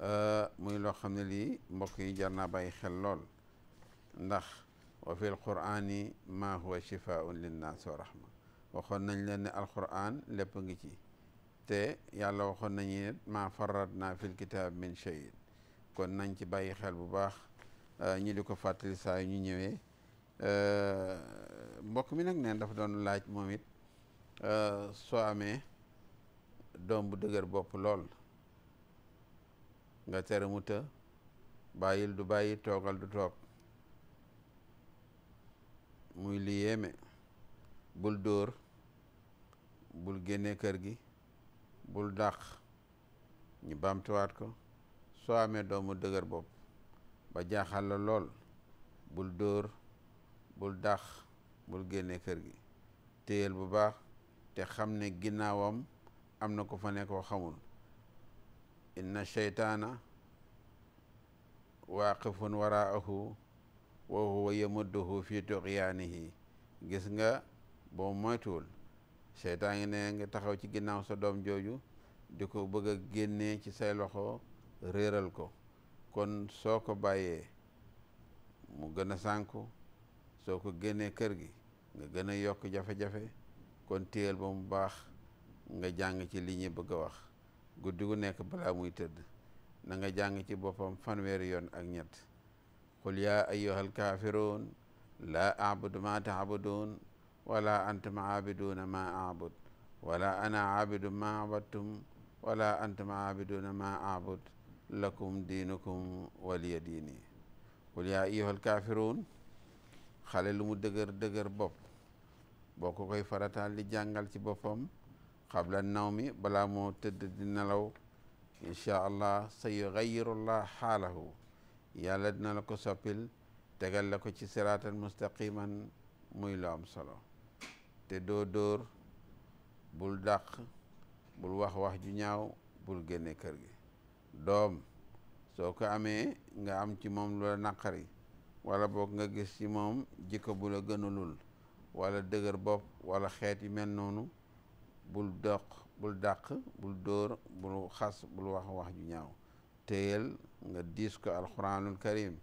euh, muy loo xam ne lii mbokk yi jar naa bàyyi xel lool ndax wa fi alqurani ma huwa shifaun linnaas wa rahma waxoon nañ leen ne alquran lépp ngi ci te yàlla waxoon nañu ma farat na fil kitab min kon nañ ci bàyyi xel bu baax euh, ñi di ko fàttali saa yu ñu ñëwee euh, mbokk mi nag neen dafa doon laaj moom it euh, soo amee doom bu dëgër bopp lool nga tere mu të bàyyil du bàyyi toogal du toog muy li yéeme bul dóor bul génnee kër gi bul dàq ñu baamtuwaat ko soo amee doomu dëgër bopp ba jaaxal la lool bul dóor bul dàq bul génne kër gi téyel bu baax te xam ne ginnaawam am na ko fa ne koo xamul inna sheytaana waaqifun waraahu wa huwa yamudduhu fi tughyaanihi gis nga boo moytuwul seytaan yi ne nga taxaw ci ginnaaw sa doom jooju di ko bëgg a génnee ci say loxo réeral ko kon soo ko bàyyee mu gën a sànku soo ko génnee kër gi nga gën a yokk jafe-jafe kon téyel ba mu baax nga jàng ci li ñu bëgg a wax guddi gu nekk balaa muy tëdd na nga jàng ci boppam fanweeri yoon ak ñett qul yaa ayyuhal kaafiruun laa a'budu maa ta'buduun wala antum aabiduna ma abud wala ana aabidu ma abadtum wala antum aabiduna ma abud lakum diinukum waliya diini qul yaa ayyuhal kaafiruun xale lu mu dëgër dëgër bopp boo ko koy farataal di jàngal ci boppam xabla naw mi balaa moo tëdd di nelaw inchaa allah sa yugayyirullah xaalahu yàlla dina la ko soppil tegal la ko ci siraatan mustaqiman muy lu am solo te doo dóor bul dàq bul wax wax ju ñaaw bul génne kër gi doom soo ko amee nga am ci moom lu la naqari wala boog nga gis ci moom jikko bula la gënalul wala dëgër bopp wala xeet yi mel noonu bul doq bul dàq bul dóor bul xas bul wax wax ju ñaaw téyel nga diis ko alxuraanul karim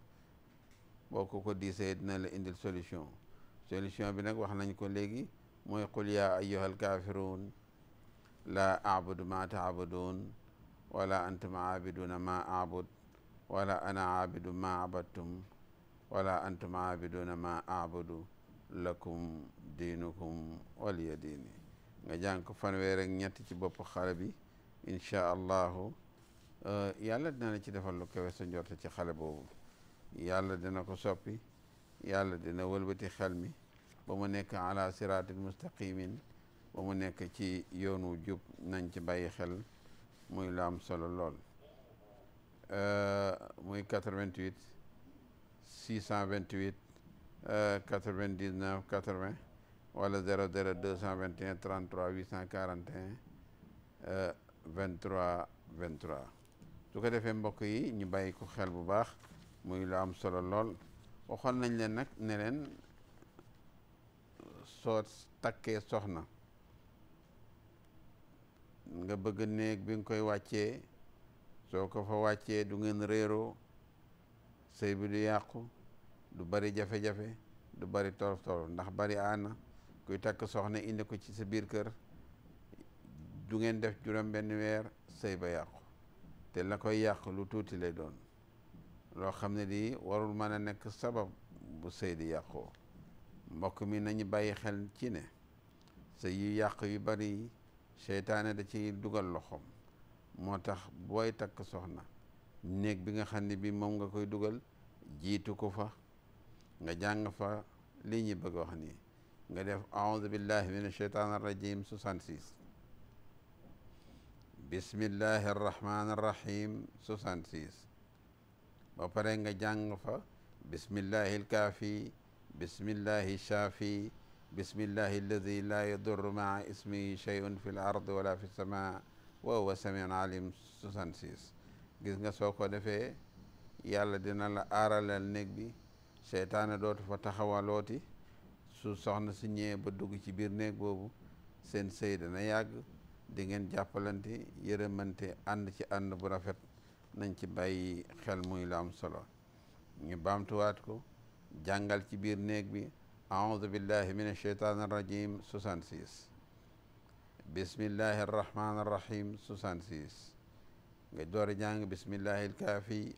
boo ko ko diisee dina la indil solution solution bi nag wax nañu ko léegi mooy qul yaa ayyuhal kaafiruun laa abudu ma taabuduun wala antum aabiduuna ma abud wala ana aabidu ma abadtum wala antum aabiduuna ma abudu lakum diinukum waliya diini nga jàng ko fanweer ak ñett ci boppu xale bi inchaa allahu eh, yàlla dina la ci defal lu kawe sa njorte ci xale boobu yàlla dina ko soppi yàlla dina wëlbati xel mi ba mu nekk ala siraatin mustaqimin ba mu nekk ci yoonu jub nañ ci bàyyi xel muy la am solo lool euh, muy 88 628 99 80 wala 00 221 33 841 23 23 su ko defee mbokk yi ñu bàyyi ko xel bu baax muy la am solo lool waxoon nañ leen nag ne leen soo takkee soxna nga bëgg néeg bi nga koy wàccee soo ko fa wàccee du ngeen réeroo sëy bi du yàqu du bari jafe-jafe du bari torof torof ndax bari aana kuy takk soxna indi ko ci sa biir kër du ngeen def juróom benn weer sëy ba yàqu te la koy yàq lu tuuti lay doon loo xam ne lii warul mën a nekk sabab bu sëy di yàqoo mbokk mi nañu bàyyi xel ci ne sa yu yàq yu bari seytaane da ci dugal loxoom moo tax booy takk soxna néeg bi nga xam ni bi moom nga koy dugal jiitu ko fa nga jàng fa lii ñu bëgg wax nii nga def aoudu billahi min asheytaan arrajim 66 bismillahi arrahmani arrahim 66 ba pare nga jàng fa bismillahi alkaafi bismillahi shaafi bismillahi alladi laa yadurru maa ismihi shay'un fi l ard wala fi sama wa huwa samiun alim 66 gis nga soo ko defee yàlla dina la aaralal néeg bi seytaane dootu fa taxawalooti su soxna su ñëwee ba dugg ci biir néeg boobu seen sëy dana yàgg di ngeen jàppalante yërëmante ànd ci ànd bu rafet nañ ci bàyyi xel muy la am solo ñu baamtuwaat ko jàngal ci biir néeg bi aoudu billahi min alsheytaan arrajim 66 bismillahi arrahman arrahim 66 nga door a jàng bismillahi alkaafi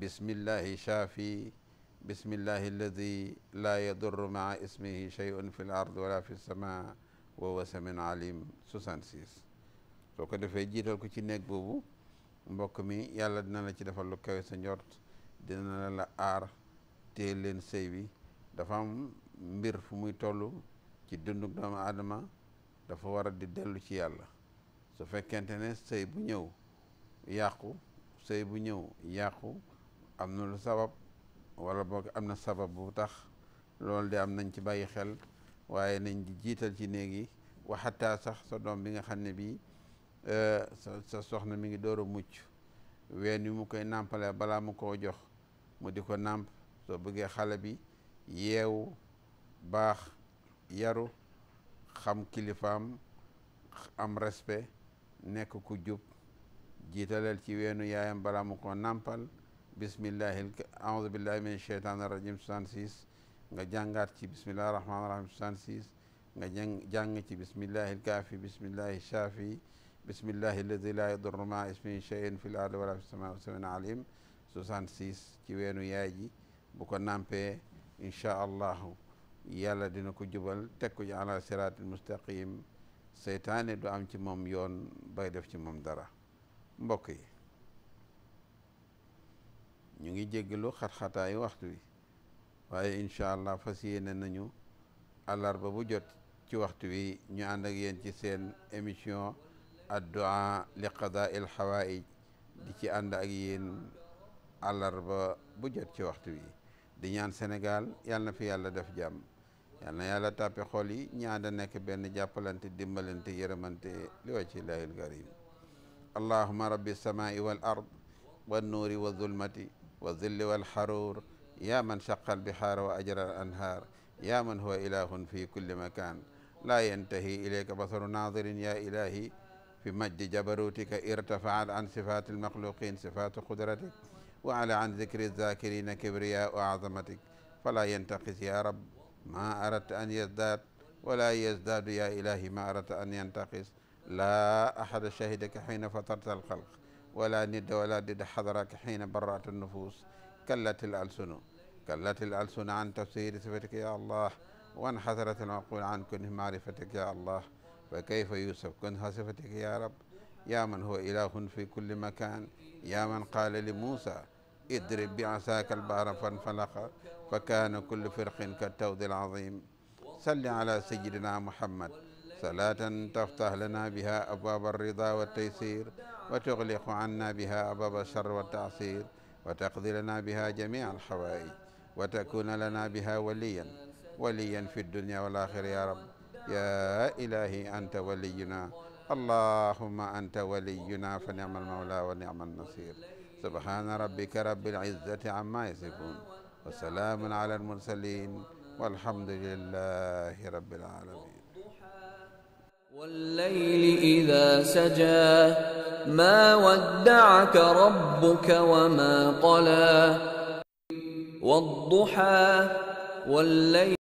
bismillahi shaafi bismillahi alladi laa yadurru maa ismihi sheyun fi l ard wala fi lsama wa huwa samin alim 66 soo ko defee jiital ko ci néeg boobu mbokk mi yàlla dina la ci defal lu kawe sa njort dina la la aar téye leen sëy bi dafa am mbir fu muy tollu ci dunduk doomu aadama dafa war a di dellu ci yàlla su fekkente ne sëy bu ñëw yàqu sëy bu ñëw yàqu am na lu sabab wala boog am na sabab bu tax loolu de am nañ ci bàyyi xel waaye nañ di jiital ci néegi waxataa sax sa doom bi nga xam ne bii euh, sa sa soxna mi ngi door a mucc ween wi mu koy nàmpalee balaa mu koo jox mu di ko nàmp soo bëggee xale bi yeewu baax yaru xam kilifam am respect nekk ku jub jiitaleel ci weenu yaayam balaa mu ko nàmpal bismillahi aoudu billahi min sheytaan irajim 66 nga jàngaat ci bismillahi rahmaani rahim 66 nga jàng ci bismillahi ilkaafi bismillahi shaafi bismillahi alladi laa yadurru maa ismihi shay'un fil ardi wala fis samaa'i wa samiin alim 66 ci weenu yaay ji bu ko nàmpee incha allahu yàlla dina ko jubal teg ko ci ala siraatil mustaqim seytaane du am ci moom yoon bay def ci moom dara mbokk yi ñu ngi jéggalu xat-xataayu waxtu wi waaye incha allah fas yéene nañu àllarba bu jot ci waxtu wi ñu ànd ak yéen ci seen émission addu'a li qadaa il xawaij di ci ànd ak yéen àllarba bu jot ci waxtu wi di ñaan Sénégal yal na fi yàlla def jàmm yal na yàlla tàppe xol yi ñaada nekk benn jàppalante dimbalante yërëmante li wàcci laahil karim allahuma rabbi samaai wal ard wa nuuri wa zulmati wa zilli wal xaruur yaa man shaqal bihaara wa ajral anhaar yaa man huwa ilahun fi kulli makaan laa yantahi ilayka basaru naadirin yaa ilahi fi majdi jabarutika irtafaat an sifaati almaxluqin sifaatu qudratik wa ala an zikri zakirina kibriya wa azamatik fala yantaqis ya rab ma aradta an yazdaad wala yazdaadu ya ilahi ma aradta an yantaqis la ahada shahidaka xiina fatarta alxalq wala nidda wala didda xadaraka xiina barraat annufus kallat alalsunu kallat alalsunu an tafsiri sifatika ya allah وانحسرت العقول عن كنه معرفتك يا الله فكيف يوسف كنه صفتك يا رب yaa man huwa ilahun fi kulli makan yaa man qaala li muusa idrib bi asaaka albaara fanfalaqa fa kaana kullu firqin ka tawdi alazim salli ala sayidina muhammad salaatan taftah lana biha abwaaba alrida waltaysir wa tuxliqu anna biha abwaaba alchar waltaasir wa taqdi lana biha jamica alxawaaij wa takuna lana biha waliyan waliyan fi ddunia wal axira ya rab ya ilahi anta waliyuna allahumma anta waliyuna fa ni'mal mawla wa ni'man nasir subhana rabbika rabbil izzati amma yasifun wa salaamun ala al mursalin walhamdulillahi rabbil alamin والليل إذا سجى ما ودعك ربك وما قلى والضحى والليل